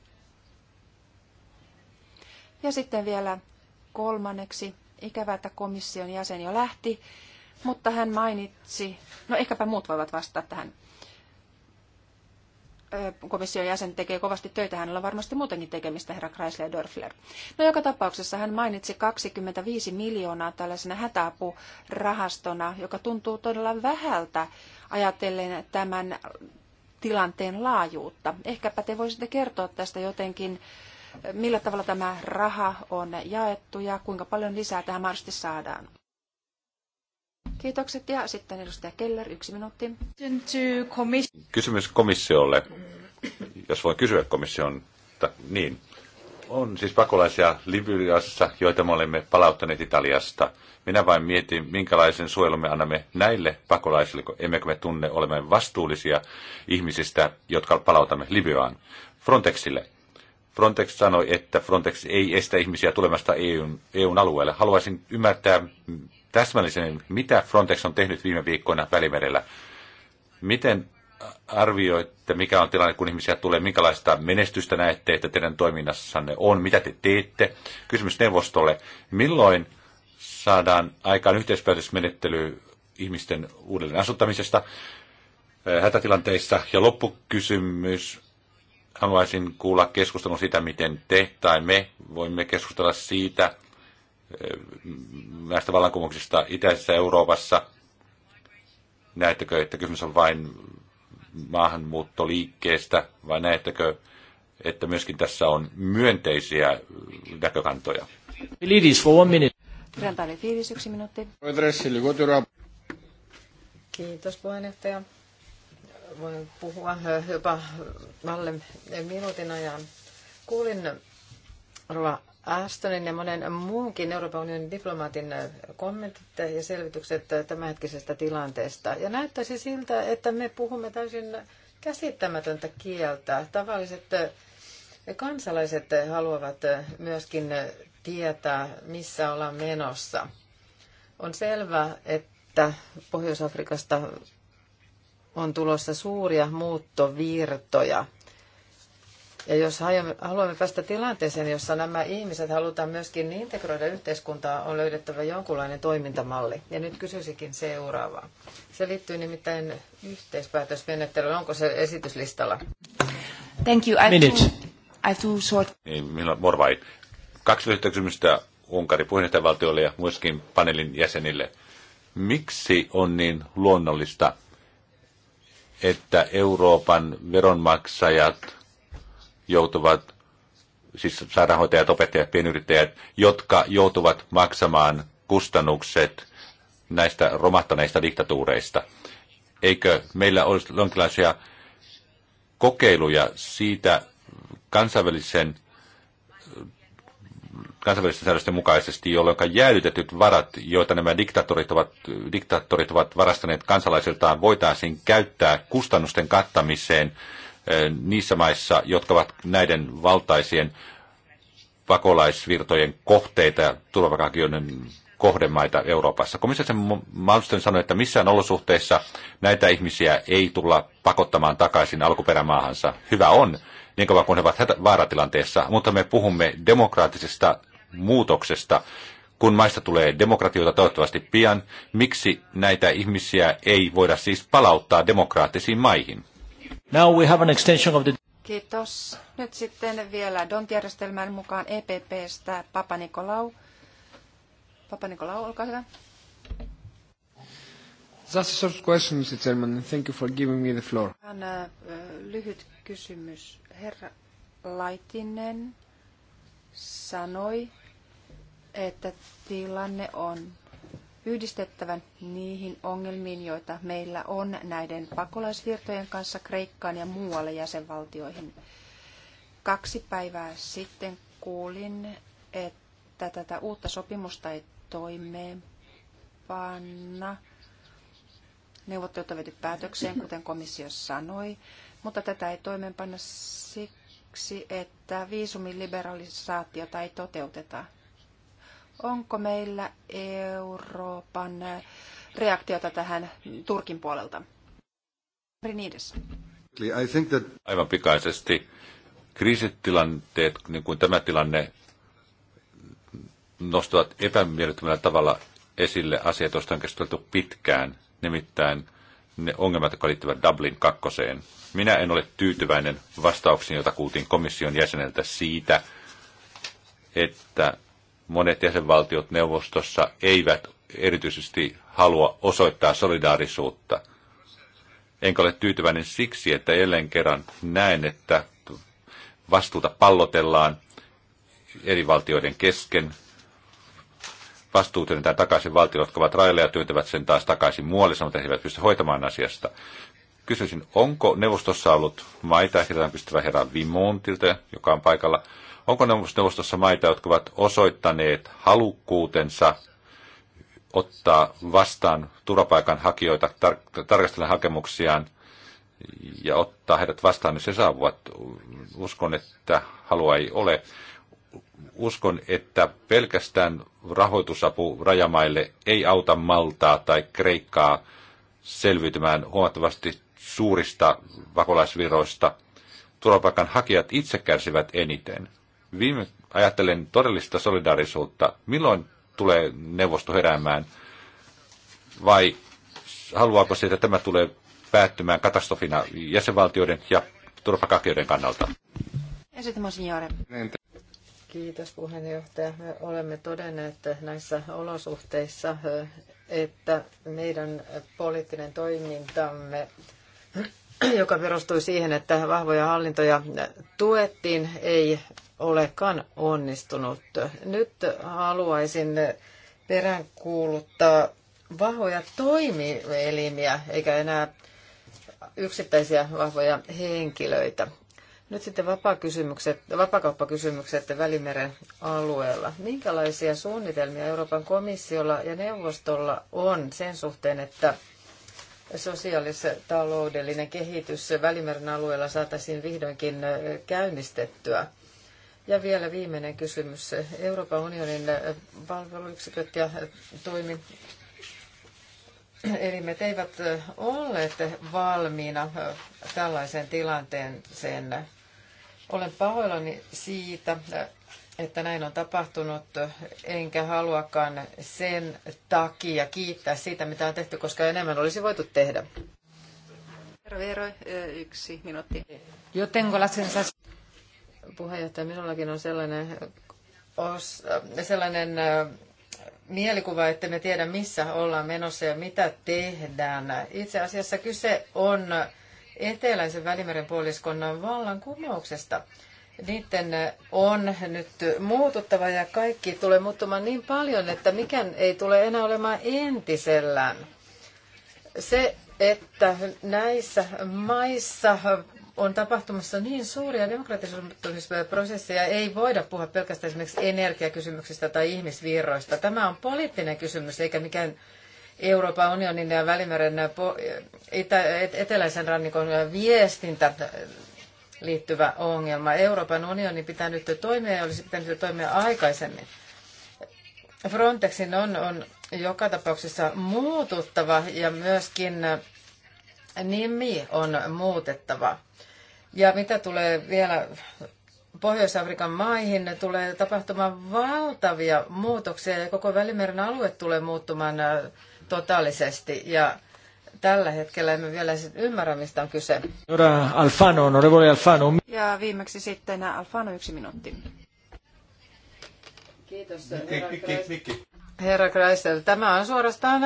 Ja sitten vielä kolmanneksi, ikävä, että komission jäsen jo lähti, mutta hän mainitsi, no ehkäpä muut voivat vastata tähän. Komission jäsen tekee kovasti töitä, hänellä on varmasti muutenkin tekemistä, herra Chrysler Dörfler. No joka tapauksessa hän mainitsi 25 miljoonaa tällaisena hätäapurahastona, joka tuntuu todella vähältä ajatellen tämän tilanteen laajuutta. Ehkäpä te voisitte kertoa tästä jotenkin millä tavalla tämä raha on jaettu ja kuinka paljon lisää tähän mahdollisesti saadaan. Kiitokset ja sitten edustaja Keller, yksi minuutti. Kysymys komissiolle, jos voi kysyä komission, niin. On siis pakolaisia Libyassa, joita me olemme palauttaneet Italiasta. Minä vain mietin, minkälaisen suojelun me annamme näille pakolaisille, kun emmekö me tunne olemme vastuullisia ihmisistä, jotka palautamme Libyaan. Frontexille Frontex sanoi, että Frontex ei estä ihmisiä tulemasta EUn, EUn alueelle. Haluaisin ymmärtää täsmällisen, mitä Frontex on tehnyt viime viikkoina Välimerellä. Miten arvioitte, mikä on tilanne, kun ihmisiä tulee, minkälaista menestystä näette, että teidän toiminnassanne on, mitä te teette. Kysymys neuvostolle, milloin saadaan aikaan yhteispäätösmenettely ihmisten uudelleen asuttamisesta hätätilanteissa. Ja loppukysymys, haluaisin kuulla keskustelun siitä, miten te tai me voimme keskustella siitä eh, näistä vallankumouksista itäisessä Euroopassa. Näettekö, että kysymys on vain maahanmuuttoliikkeestä vai näettekö, että myöskin tässä on myönteisiä näkökantoja? Ladies for one minute. Rantaali Fiilis, yksi minuutti. Kiitos puheenjohtaja voin puhua jopa alle minuutin ajan. Kuulin Rova Astonin ja monen muunkin Euroopan unionin diplomaatin kommentit ja selvitykset tämänhetkisestä tilanteesta. Ja näyttäisi siltä, että me puhumme täysin käsittämätöntä kieltä. Tavalliset kansalaiset haluavat myöskin tietää, missä ollaan menossa. On selvää, että Pohjois-Afrikasta on tulossa suuria muuttovirtoja. Ja jos haluamme päästä tilanteeseen, jossa nämä ihmiset halutaan myöskin integroida yhteiskuntaa on löydettävä jonkunlainen toimintamalli. Ja nyt kysyisikin seuraavaa. Se liittyy nimittäin yhteispäätösmenettelyyn. Onko se esityslistalla? Thank you. I Minute. I too short. Niin, Morvai. Kaksi lyhyttä kysymystä Unkarin puheenjohtajavaltiolle ja myöskin paneelin jäsenille. Miksi on niin luonnollista, että Euroopan veronmaksajat joutuvat, siis sairaanhoitajat, opettajat, pienyrittäjät, jotka joutuvat maksamaan kustannukset näistä romahtaneista diktatuureista. Eikö meillä olisi jonkinlaisia kokeiluja siitä kansainvälisen kansainvälisten säädösten mukaisesti, jolloin jäädytetyt varat, joita nämä diktaattorit ovat, diktaattorit ovat varastaneet kansalaisiltaan, voitaisiin käyttää kustannusten kattamiseen eh, niissä maissa, jotka ovat näiden valtaisien pakolaisvirtojen kohteita ja turvapaikanhakijoiden kohdemaita Euroopassa. Komissio Malmström sanoi, että missään olosuhteissa näitä ihmisiä ei tulla pakottamaan takaisin alkuperämaahansa. Hyvä on, niin kauan kuin he ovat vaaratilanteessa, mutta me puhumme demokraattisesta muutoksesta, kun maista tulee demokratioita toivottavasti pian, miksi näitä ihmisiä ei voida siis palauttaa demokraattisiin maihin? Now we have an extension of the... Kiitos. Nyt sitten vielä DONT-järjestelmän mukaan EPPstä Papa Nikolau. Papa Nikolau, olkaa hyvä. Just a short question, Mr. Chairman. Thank you for giving me the floor. Anna, äh, lyhyt kysymys. Herra Laitinen sanoi, että tilanne on yhdistettävän niihin ongelmiin, joita meillä on näiden pakolaisvirtojen kanssa Kreikkaan ja muualle jäsenvaltioihin. Kaksi päivää sitten kuulin, että tätä uutta sopimusta ei toimeenpanna. Neuvottelut on viety päätökseen, kuten komissio sanoi, mutta tätä ei toimeenpanna siksi, että viisumin liberalisaatiota ei toteuteta. Onko meillä Euroopan reaktiota tähän Turkin puolelta? Aivan pikaisesti. Kriisitilanteet, niin kuin tämä tilanne, nostavat epämiellyttävällä tavalla esille asiat, joista on keskusteltu pitkään, nimittäin ne ongelmat, jotka liittyvät Dublin kakkoseen. Minä en ole tyytyväinen vastauksiin, joita kuultiin komission jäseneltä siitä, että monet jäsenvaltiot neuvostossa eivät erityisesti halua osoittaa solidaarisuutta. Enkä ole tyytyväinen siksi, että jälleen kerran näen, että vastuuta pallotellaan eri valtioiden kesken. Vastuut työnnetään takaisin valtioille, jotka ovat railla ja työntävät sen taas takaisin muualle, sanotaan, että he eivät pysty hoitamaan asiasta. Kysyisin, onko neuvostossa ollut maita, herran pystyvä herra Vimontilta, joka on paikalla, Onko neuvostossa maita, jotka ovat osoittaneet halukkuutensa ottaa vastaan turvapaikanhakijoita, tar- tarkastella hakemuksiaan ja ottaa heidät vastaan, jos he saavuvat. Uskon, että halua ei ole. Uskon, että pelkästään rahoitusapu rajamaille ei auta Maltaa tai Kreikkaa selviytymään huomattavasti suurista pakolaisviroista. Turvapaikanhakijat itse kärsivät eniten. Viime ajattelen todellista solidaarisuutta. Milloin tulee neuvosto heräämään vai haluaako se, että tämä tulee päättymään katastrofina jäsenvaltioiden ja turvakakioiden kannalta? Kiitos puheenjohtaja. Me olemme todenneet näissä olosuhteissa, että meidän poliittinen toimintamme [clears throat] joka perustui siihen, että vahvoja hallintoja tuettiin, ei olekaan onnistunut. Nyt haluaisin peräänkuuluttaa vahvoja toimielimiä, eikä enää yksittäisiä vahvoja henkilöitä. Nyt sitten vapaakysymykset, vapaakauppakysymykset Välimeren alueella. Minkälaisia suunnitelmia Euroopan komissiolla ja neuvostolla on sen suhteen, että sosiaalis-taloudellinen kehitys Välimeren alueella saataisiin vihdoinkin käynnistettyä. Ja vielä viimeinen kysymys. Euroopan unionin palveluyksiköt ja toimielimet eivät olleet valmiina tällaiseen tilanteeseen. Olen pahoillani siitä, että näin on tapahtunut, enkä haluakaan sen takia kiittää siitä, mitä on tehty, koska enemmän olisi voitu tehdä. Vero, yksi minuutti. Yo la Puheenjohtaja, minullakin on sellainen, os, sellainen äh, mielikuva, että me tiedä missä ollaan menossa ja mitä tehdään. Itse asiassa kyse on eteläisen välimeren puoliskonnan vallankumouksesta. kumouksesta niiden äh, on nyt muututtava ja kaikki tulee muuttumaan niin paljon, että mikään ei tule enää olemaan entisellään. Se, että näissä maissa on tapahtumassa niin suuria prosesseja, ei voida puhua pelkästään esimerkiksi energiakysymyksistä tai ihmisvirroista. Tämä on poliittinen kysymys, eikä mikään Euroopan unionin ja Välimeren eteläisen rannikon viestintä liittyvä ongelma. Euroopan unioni pitää nyt toimia ja olisi pitänyt toimia aikaisemmin. Frontexin on, on joka tapauksessa muututtava ja myöskin nimi on muutettava. Ja mitä tulee vielä Pohjois-Afrikan maihin, tulee tapahtumaan valtavia muutoksia ja koko Välimeren alue tulee muuttumaan totaalisesti. Ja tällä hetkellä emme vielä ymmärrä, mistä on kyse. Alfano, onorevole Alfano. Ja viimeksi sitten Alfano yksi minuutti. Kiitos, herra Herra Kreisel, tämä on suorastaan...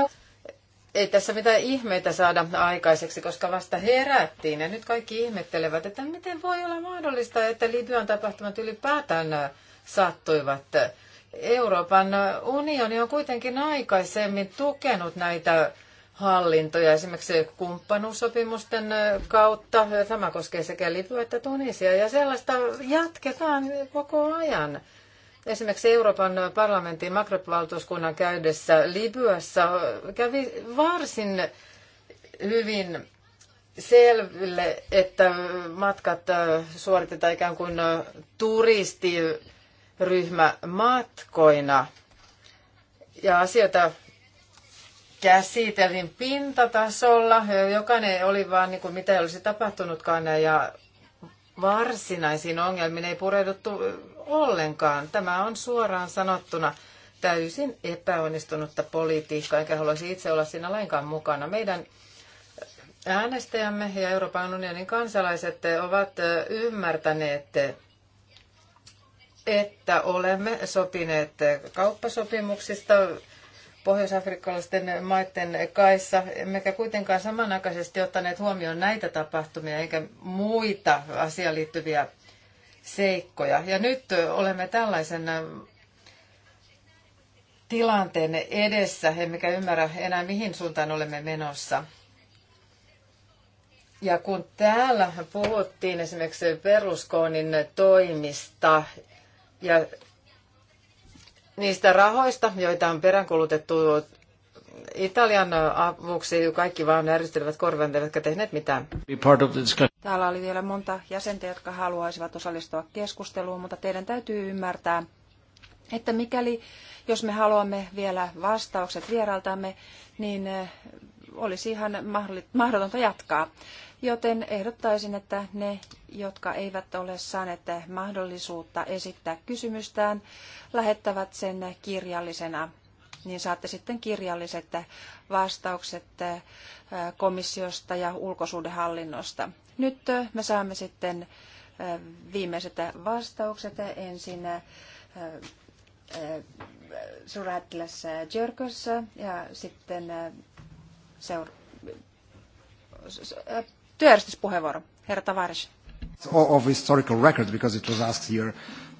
Ei tässä mitään ihmeitä saada aikaiseksi, koska vasta herättiin ja nyt kaikki ihmettelevät, että miten voi olla mahdollista, että Libyan tapahtumat ylipäätään sattuivat. Euroopan unioni on kuitenkin aikaisemmin tukenut näitä hallintoja esimerkiksi kumppanuussopimusten kautta. Tämä koskee sekä Libyaa että Tunisia ja sellaista jatketaan koko ajan. Esimerkiksi Euroopan parlamentin makrovaltuuskunnan käydessä Libyassa kävi varsin hyvin selville, että matkat suoritetaan ikään kuin turistiryhmämatkoina. Ja asioita käsiteltiin pintatasolla. Jokainen oli vaan niin kuin mitä ei olisi tapahtunutkaan ja varsinaisiin ongelmiin ei pureuduttu ollenkaan. Tämä on suoraan sanottuna täysin epäonnistunutta politiikkaa, enkä haluaisi itse olla siinä lainkaan mukana. Meidän äänestäjämme ja Euroopan unionin kansalaiset ovat ymmärtäneet, että olemme sopineet kauppasopimuksista pohjoisafrikkalaisten maiden kaissa, emmekä kuitenkaan samanaikaisesti ottaneet huomioon näitä tapahtumia eikä muita asiaan liittyviä seikkoja. Ja nyt olemme tällaisen tilanteen edessä, emmekä ymmärrä enää mihin suuntaan olemme menossa. Ja kun täällä puhuttiin esimerkiksi peruskoonin toimista ja niistä rahoista, joita on peräänkulutettu Italian avuksi kaikki vaan näristelivät korvan, eivätkä tehneet mitään. Täällä oli vielä monta jäsentä, jotka haluaisivat osallistua keskusteluun, mutta teidän täytyy ymmärtää, että mikäli, jos me haluamme vielä vastaukset vierailtamme, niin eh, olisi ihan mahdotonta jatkaa. Joten ehdottaisin, että ne, jotka eivät ole saaneet mahdollisuutta esittää kysymystään, lähettävät sen kirjallisena. Niin saatte sitten kirjalliset vastaukset eh, komissiosta ja ulkosuudenhallinnosta. Nyt eh, me saamme sitten eh, viimeiset vastaukset ensin suurlähettiläs Jörgössä ja sitten seura- työjärjestyspuheenvuoro. Herra Tavares. Of historical record, because it was asked here,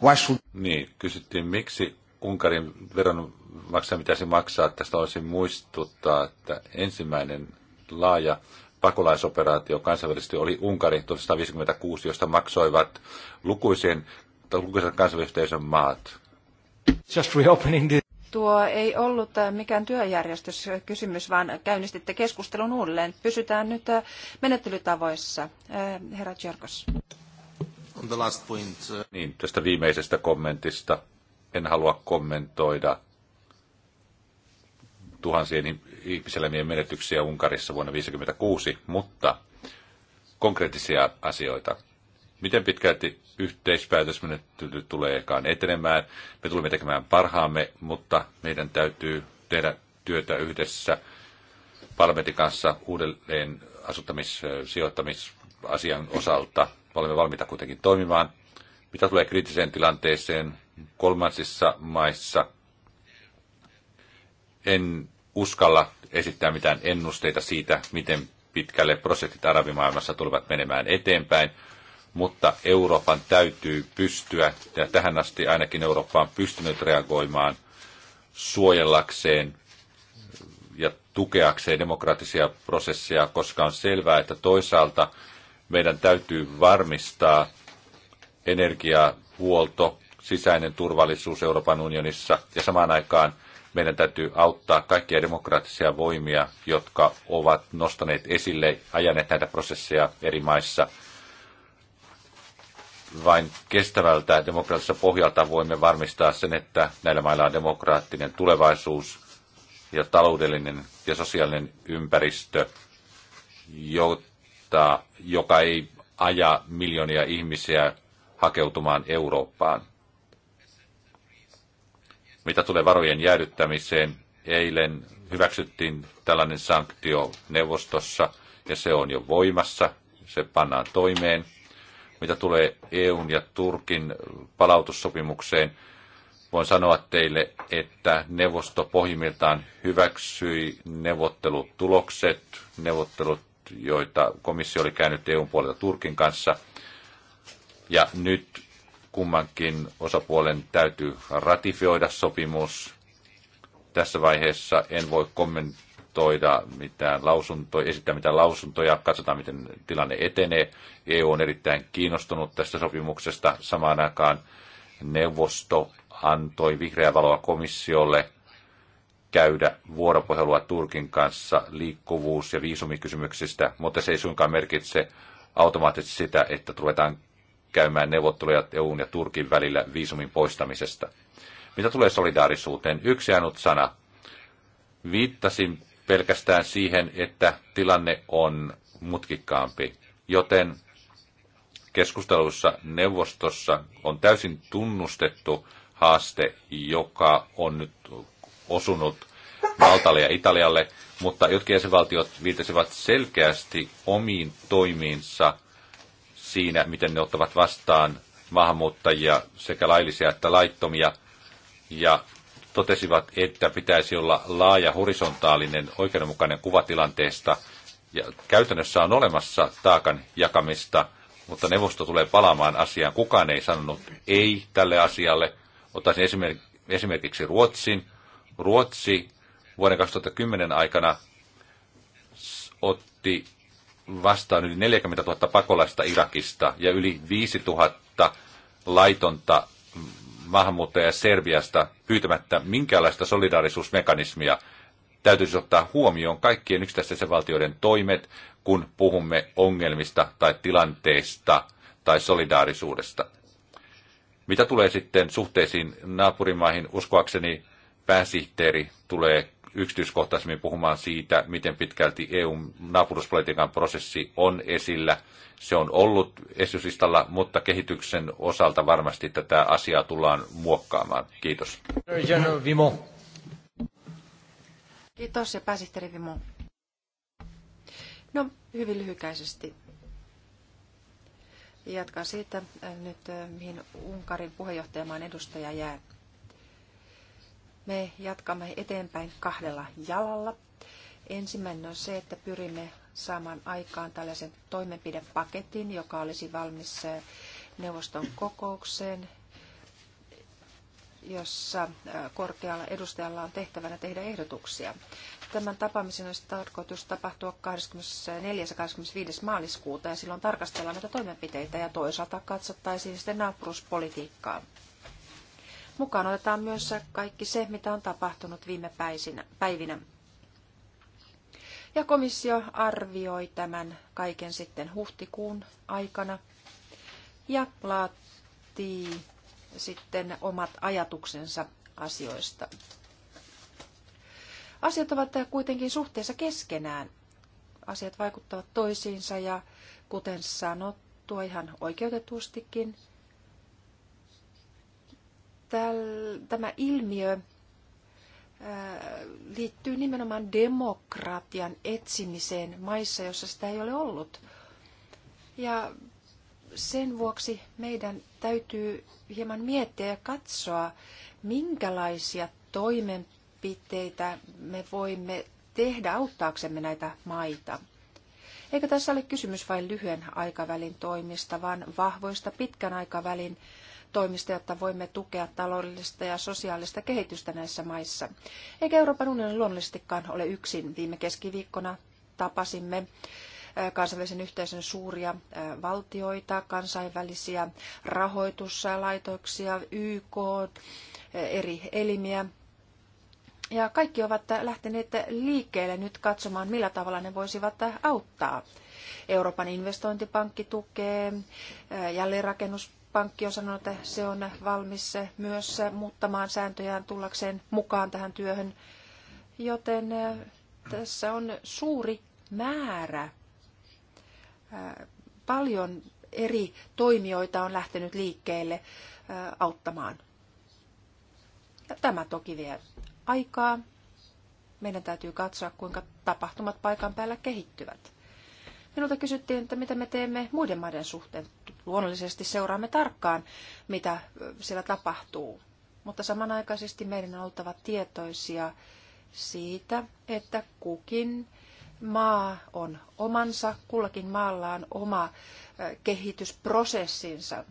why should... Niin, kysyttiin, miksi Unkarin veron maksaa, mitä se maksaa. Tästä olisi muistuttaa, että ensimmäinen laaja pakolaisoperaatio kansainvälisesti oli Unkari 1956, josta maksoivat lukuisen, lukuiset kansainvälisen maat. Just reopening the... Tuo ei ollut äh, mikään työjärjestyskysymys, äh, vaan käynnistitte keskustelun uudelleen. Pysytään nyt äh, menettelytavoissa. Herra Tjörkos. On the last point. Uh, niin, tästä viimeisestä kommentista. En halua kommentoida tuhansien ihmiselämien menetyksiä Unkarissa vuonna 1956, mutta konkreettisia asioita miten pitkälti yhteispäätösmenettely tuleekaan etenemään. Me tulemme tekemään parhaamme, mutta meidän täytyy tehdä työtä yhdessä parlamentin kanssa uudelleen asuttamis- osalta. Me olemme valmiita kuitenkin toimimaan. Mitä tulee kriittiseen tilanteeseen kolmansissa maissa, en uskalla esittää mitään ennusteita siitä, miten pitkälle prosessit arabimaailmassa tulevat menemään eteenpäin mutta Euroopan täytyy pystyä, ja tähän asti ainakin Eurooppa on pystynyt reagoimaan suojellakseen ja tukeakseen demokraattisia prosesseja, koska on selvää, että toisaalta meidän täytyy varmistaa energiahuolto, sisäinen turvallisuus Euroopan unionissa ja samaan aikaan meidän täytyy auttaa kaikkia demokraattisia voimia, jotka ovat nostaneet esille, ajaneet näitä prosesseja eri maissa – vain kestävältä demokraattiselta pohjalta voimme varmistaa sen, että näillä mailla on demokraattinen tulevaisuus ja taloudellinen ja sosiaalinen ympäristö, jota, joka ei aja miljoonia ihmisiä hakeutumaan Eurooppaan. Mitä tulee varojen jäädyttämiseen, eilen hyväksyttiin tällainen sanktio neuvostossa ja se on jo voimassa, se pannaan toimeen – mitä tulee EUn ja Turkin palautussopimukseen, voin sanoa teille, että neuvosto pohjimmiltaan hyväksyi neuvottelutulokset, neuvottelut, joita komissio oli käynyt EUn puolelta Turkin kanssa. Ja nyt kummankin osapuolen täytyy ratifioida sopimus. Tässä vaiheessa en voi kommentoida kommentoida mitään lausuntoja, esittää mitään lausuntoja, katsotaan miten tilanne etenee. EU on erittäin kiinnostunut tästä sopimuksesta. Samaan aikaan neuvosto antoi vihreää valoa komissiolle käydä vuoropuhelua Turkin kanssa liikkuvuus- ja viisumikysymyksistä, mutta se ei suinkaan merkitse automaattisesti sitä, että ruvetaan käymään neuvotteluja EUn ja Turkin välillä viisumin poistamisesta. Mitä tulee solidaarisuuteen? Yksi ainut sana. Viittasin pelkästään siihen, että tilanne on mutkikkaampi. Joten keskusteluissa neuvostossa on täysin tunnustettu haaste, joka on nyt osunut Maltalle ja Italialle, mutta jotkin jäsenvaltiot viitasivat selkeästi omiin toimiinsa siinä, miten ne ottavat vastaan maahanmuuttajia sekä laillisia että laittomia. Ja totesivat, että pitäisi olla laaja horisontaalinen oikeudenmukainen kuva tilanteesta. Ja käytännössä on olemassa taakan jakamista, mutta neuvosto tulee palaamaan asiaan. Kukaan ei sanonut ei tälle asialle. Ottaisin esimerkiksi Ruotsin. Ruotsi vuoden 2010 aikana otti vastaan yli 40 000 pakolaista Irakista ja yli 5 000 laitonta maahanmuuttajia Serbiasta pyytämättä minkäänlaista solidaarisuusmekanismia. Täytyisi ottaa huomioon kaikkien yksittäisten valtioiden toimet, kun puhumme ongelmista tai tilanteista tai solidaarisuudesta. Mitä tulee sitten suhteisiin naapurimaihin, uskoakseni pääsihteeri tulee yksityiskohtaisemmin puhumaan siitä, miten pitkälti EUn naapuruspolitiikan prosessi on esillä. Se on ollut esityslistalla, mutta kehityksen osalta varmasti tätä asiaa tullaan muokkaamaan. Kiitos. Kiitos ja pääsihteeri Vimo. No, hyvin lyhykäisesti. Jatkan siitä äh, nyt, äh, mihin Unkarin puheenjohtajamaan edustaja jää. Me jatkamme eteenpäin kahdella jalalla. Ensimmäinen on se, että pyrimme saamaan aikaan tällaisen toimenpidepaketin, joka olisi valmis neuvoston kokoukseen, jossa korkealla edustajalla on tehtävänä tehdä ehdotuksia. Tämän tapaamisen olisi tarkoitus tapahtua 24. ja 25. maaliskuuta ja silloin tarkastellaan näitä toimenpiteitä ja toisaalta katsottaisiin sitten naapuruspolitiikkaa. Mukaan otetaan myös kaikki se, mitä on tapahtunut viime päivinä. Ja komissio arvioi tämän kaiken sitten huhtikuun aikana ja laatii sitten omat ajatuksensa asioista. Asiat ovat kuitenkin suhteessa keskenään. Asiat vaikuttavat toisiinsa ja kuten sanottua ihan oikeutetustikin, tämä ilmiö äh, liittyy nimenomaan demokratian etsimiseen maissa, jossa sitä ei ole ollut. Ja sen vuoksi meidän täytyy hieman miettiä ja katsoa, minkälaisia toimenpiteitä me voimme tehdä auttaaksemme näitä maita. Eikä tässä ole kysymys vain lyhyen aikavälin toimista, vaan vahvoista pitkän aikavälin äh, toimista, jotta voimme tukea taloudellista ja sosiaalista kehitystä näissä maissa. Eikä Euroopan unioni luonnollisestikaan ole yksin. Viime keskiviikkona tapasimme kansainvälisen yhteisön suuria valtioita, kansainvälisiä rahoituslaitoksia, YK, eri elimiä. Ja kaikki ovat lähteneet liikkeelle nyt katsomaan, millä tavalla ne voisivat auttaa. Euroopan investointipankki tukee, jälleenrakennus pankki on sanonut, että se on valmis myös muuttamaan sääntöjään tullakseen mukaan tähän työhön. Joten tässä on suuri määrä. Paljon eri toimijoita on lähtenyt liikkeelle auttamaan. Ja tämä toki vie aikaa. Meidän täytyy katsoa, kuinka tapahtumat paikan päällä kehittyvät. Minulta kysyttiin, että mitä me teemme muiden maiden suhteen luonnollisesti seuraamme tarkkaan, mitä siellä tapahtuu. Mutta samanaikaisesti meidän on oltava tietoisia siitä, että kukin maa on omansa, kullakin maalla on oma kehitysprosessinsa.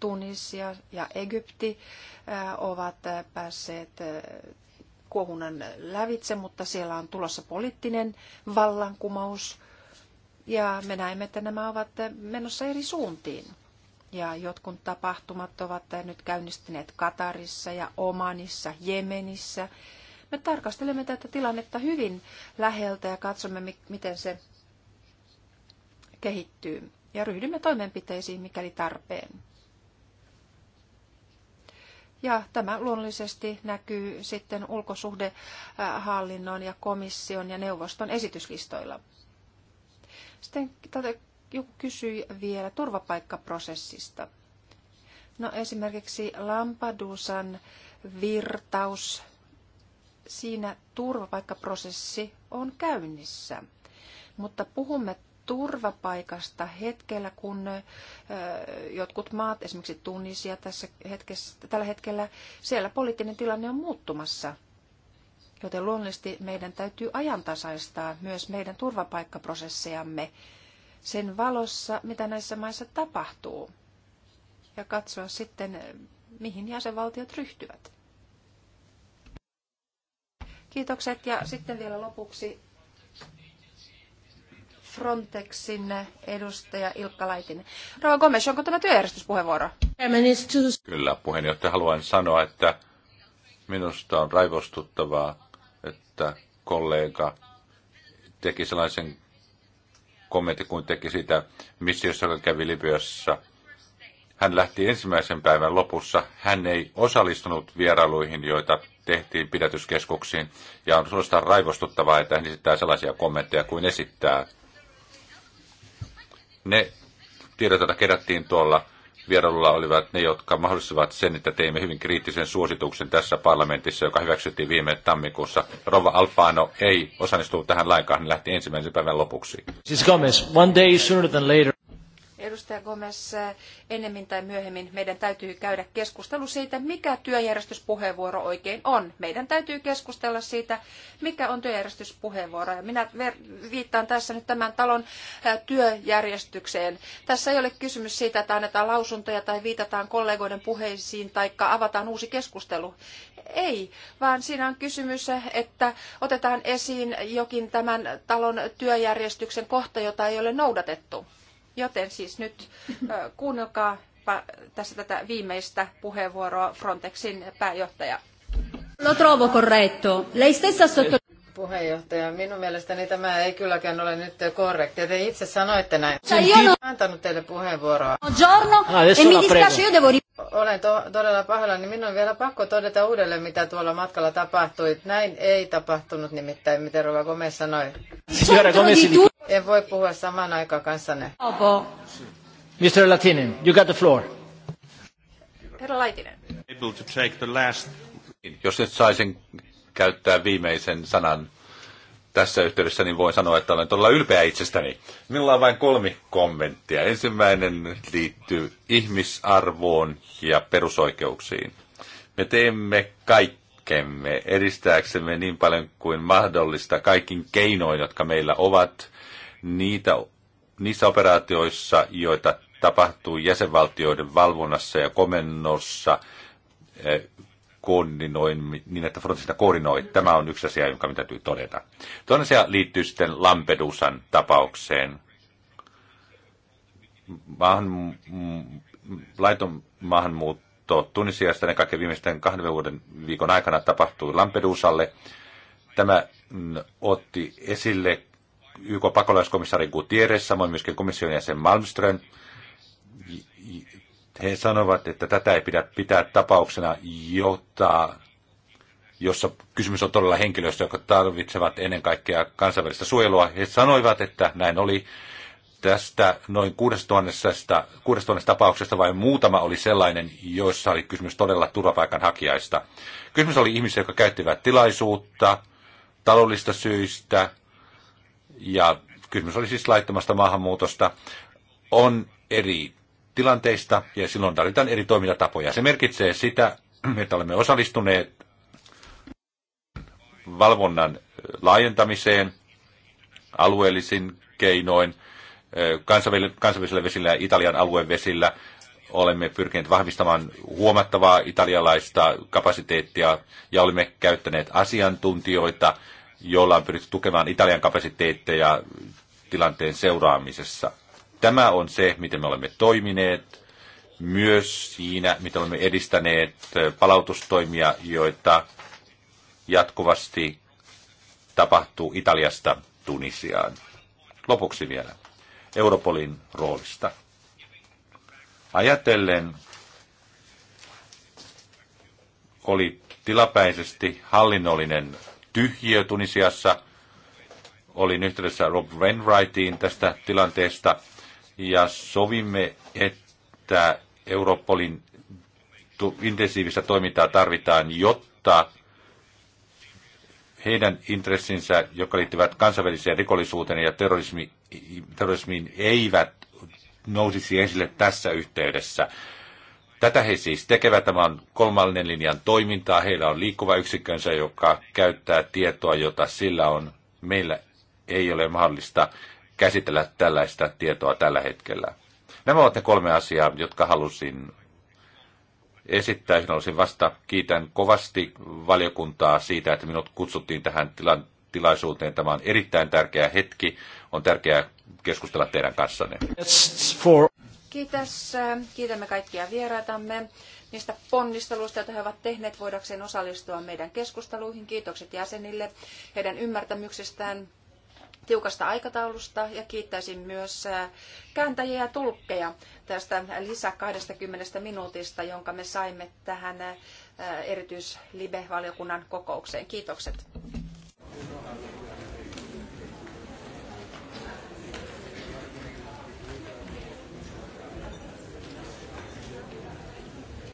Tunisia ja Egypti ovat päässeet kuohunnan lävitse, mutta siellä on tulossa poliittinen vallankumous – ja me näemme, että nämä ovat menossa eri suuntiin. Ja jotkut tapahtumat ovat nyt käynnistyneet Katarissa ja Omanissa, Jemenissä. Me tarkastelemme tätä tilannetta hyvin läheltä ja katsomme, miten se kehittyy. Ja ryhdymme toimenpiteisiin, mikäli tarpeen. Ja tämä luonnollisesti näkyy sitten ulkosuhdehallinnon ja komission ja neuvoston esityslistoilla. Sitten tätä joku kysyi vielä turvapaikkaprosessista. No esimerkiksi Lampadusan virtaus, siinä turvapaikkaprosessi on käynnissä. Mutta puhumme turvapaikasta hetkellä, kun jotkut maat, esimerkiksi Tunisia tässä hetkessä, tällä hetkellä, siellä poliittinen tilanne on muuttumassa Joten luonnollisesti meidän täytyy ajantasaistaa myös meidän turvapaikkaprosessejamme sen valossa, mitä näissä maissa tapahtuu, ja katsoa sitten, mihin jäsenvaltiot ryhtyvät. Kiitokset ja sitten vielä lopuksi Frontexin edustaja Ilkka Laitinen. Rova Gomes, onko tämä työjärjestyspuheenvuoro? Kyllä, puheenjohtaja. Haluan sanoa, että minusta on raivostuttavaa, että kollega teki sellaisen kommentin, kun teki sitä missiossa, joka kävi Libyassa. Hän lähti ensimmäisen päivän lopussa. Hän ei osallistunut vierailuihin, joita tehtiin pidätyskeskuksiin. Ja on suorastaan raivostuttavaa, että hän esittää sellaisia kommentteja kuin esittää. Ne tiedot, joita kerättiin tuolla vierailulla olivat ne, jotka mahdollistivat sen, että teimme hyvin kriittisen suosituksen tässä parlamentissa, joka hyväksyttiin viime tammikuussa. Rova Alfano ei osallistunut tähän lainkaan, hän lähti ensimmäisen päivän lopuksi. Siis Gomez, one day sooner than later edustaja Gomes, ennemmin tai myöhemmin meidän täytyy käydä keskustelu siitä, mikä työjärjestyspuheenvuoro oikein on. Meidän täytyy keskustella siitä, mikä on työjärjestyspuheenvuoro. Ja minä viittaan tässä nyt tämän talon työjärjestykseen. Tässä ei ole kysymys siitä, että annetaan lausuntoja tai viitataan kollegoiden puheisiin tai avataan uusi keskustelu. Ei, vaan siinä on kysymys, että otetaan esiin jokin tämän talon työjärjestyksen kohta, jota ei ole noudatettu. Joten siis nyt kuunnelkaa tässä tätä viimeistä puheenvuoroa Frontexin pääjohtaja. Lo trovo corretto. Lei stessa sotto... Puheenjohtaja, minun mielestäni tämä ei kylläkään ole nyt korrekti, Te itse sanoitte näin. Olen antanut teille puheenvuoroa. Buongiorno. Ah, e olen to- todella pahoillani. Niin minun on vielä pakko todeta uudelleen, mitä tuolla matkalla tapahtui. Näin ei tapahtunut nimittäin, miten Rova Gomez sanoi. Signora Gomez, en voi puhua saman aikaan kanssanne. Mr. Latinen, you got the floor. Herra Laitinen. Able to take the last... Jos nyt saisin käyttää viimeisen sanan tässä yhteydessä, niin voin sanoa, että olen todella ylpeä itsestäni. Minulla on vain kolme kommenttia. Ensimmäinen liittyy ihmisarvoon ja perusoikeuksiin. Me teemme kaikkemme edistääksemme niin paljon kuin mahdollista kaikin keinoin, jotka meillä ovat niitä, niissä operaatioissa, joita tapahtuu jäsenvaltioiden valvonnassa ja komennossa, eh, koordinoin, niin että Frontex sitä koordinoi. Tämä on yksi asia, jonka täytyy todeta. Toinen asia liittyy sitten Lampedusan tapaukseen. Maahan, mm, laiton maahanmuutto Tunisiasta ennen kaikkea viimeisten kahden vuoden viikon aikana tapahtui Lampedusalle. Tämä mm, otti esille YK pakolaiskomissaari Gutierrez, samoin myöskin komission jäsen Malmström, he sanovat, että tätä ei pidä pitää tapauksena, jota, jossa kysymys on todella henkilöistä, jotka tarvitsevat ennen kaikkea kansainvälistä suojelua. He sanoivat, että näin oli tästä noin 6000, 6000 tapauksesta vain muutama oli sellainen, joissa oli kysymys todella turvapaikanhakijaista. Kysymys oli ihmisiä, jotka käyttivät tilaisuutta taloudellista syistä, ja kysymys oli siis laittomasta maahanmuutosta, on eri tilanteista ja silloin tarvitaan eri toimintatapoja. Se merkitsee sitä, että olemme osallistuneet valvonnan laajentamiseen alueellisin keinoin kansainvälisillä vesillä ja Italian alueen vesillä. Olemme pyrkineet vahvistamaan huomattavaa italialaista kapasiteettia ja olemme käyttäneet asiantuntijoita jolla on pyritty tukemaan Italian kapasiteetteja tilanteen seuraamisessa. Tämä on se, miten me olemme toimineet, myös siinä, miten olemme edistäneet palautustoimia, joita jatkuvasti tapahtuu Italiasta Tunisiaan. Lopuksi vielä Europolin roolista. Ajatellen oli tilapäisesti hallinnollinen tyhjiö Tunisiassa. Olin yhteydessä Rob Wainwrightiin tästä tilanteesta ja sovimme, että Europolin intensiivistä toimintaa tarvitaan, jotta heidän intressinsä, jotka liittyvät kansainväliseen rikollisuuteen ja terrorismiin, terrorismiin eivät nousisi esille tässä yhteydessä. Tätä he siis tekevät. Tämä on kolmannen linjan toimintaa. Heillä on liikkuva yksikkönsä, joka käyttää tietoa, jota sillä on. Meillä ei ole mahdollista käsitellä tällaista tietoa tällä hetkellä. Nämä ovat ne kolme asiaa, jotka halusin esittää. Sinä olisin vasta. Kiitän kovasti valiokuntaa siitä, että minut kutsuttiin tähän tila- tilaisuuteen. Tämä on erittäin tärkeä hetki. On tärkeää keskustella teidän kanssanne. Kiitos. Kiitämme kaikkia vieraitamme niistä ponnisteluista, joita he ovat tehneet voidakseen osallistua meidän keskusteluihin. Kiitokset jäsenille heidän ymmärtämyksestään tiukasta aikataulusta ja kiittäisin myös kääntäjiä ja tulkkeja tästä lisä 20 minuutista, jonka me saimme tähän erityislibe-valiokunnan kokoukseen. Kiitokset.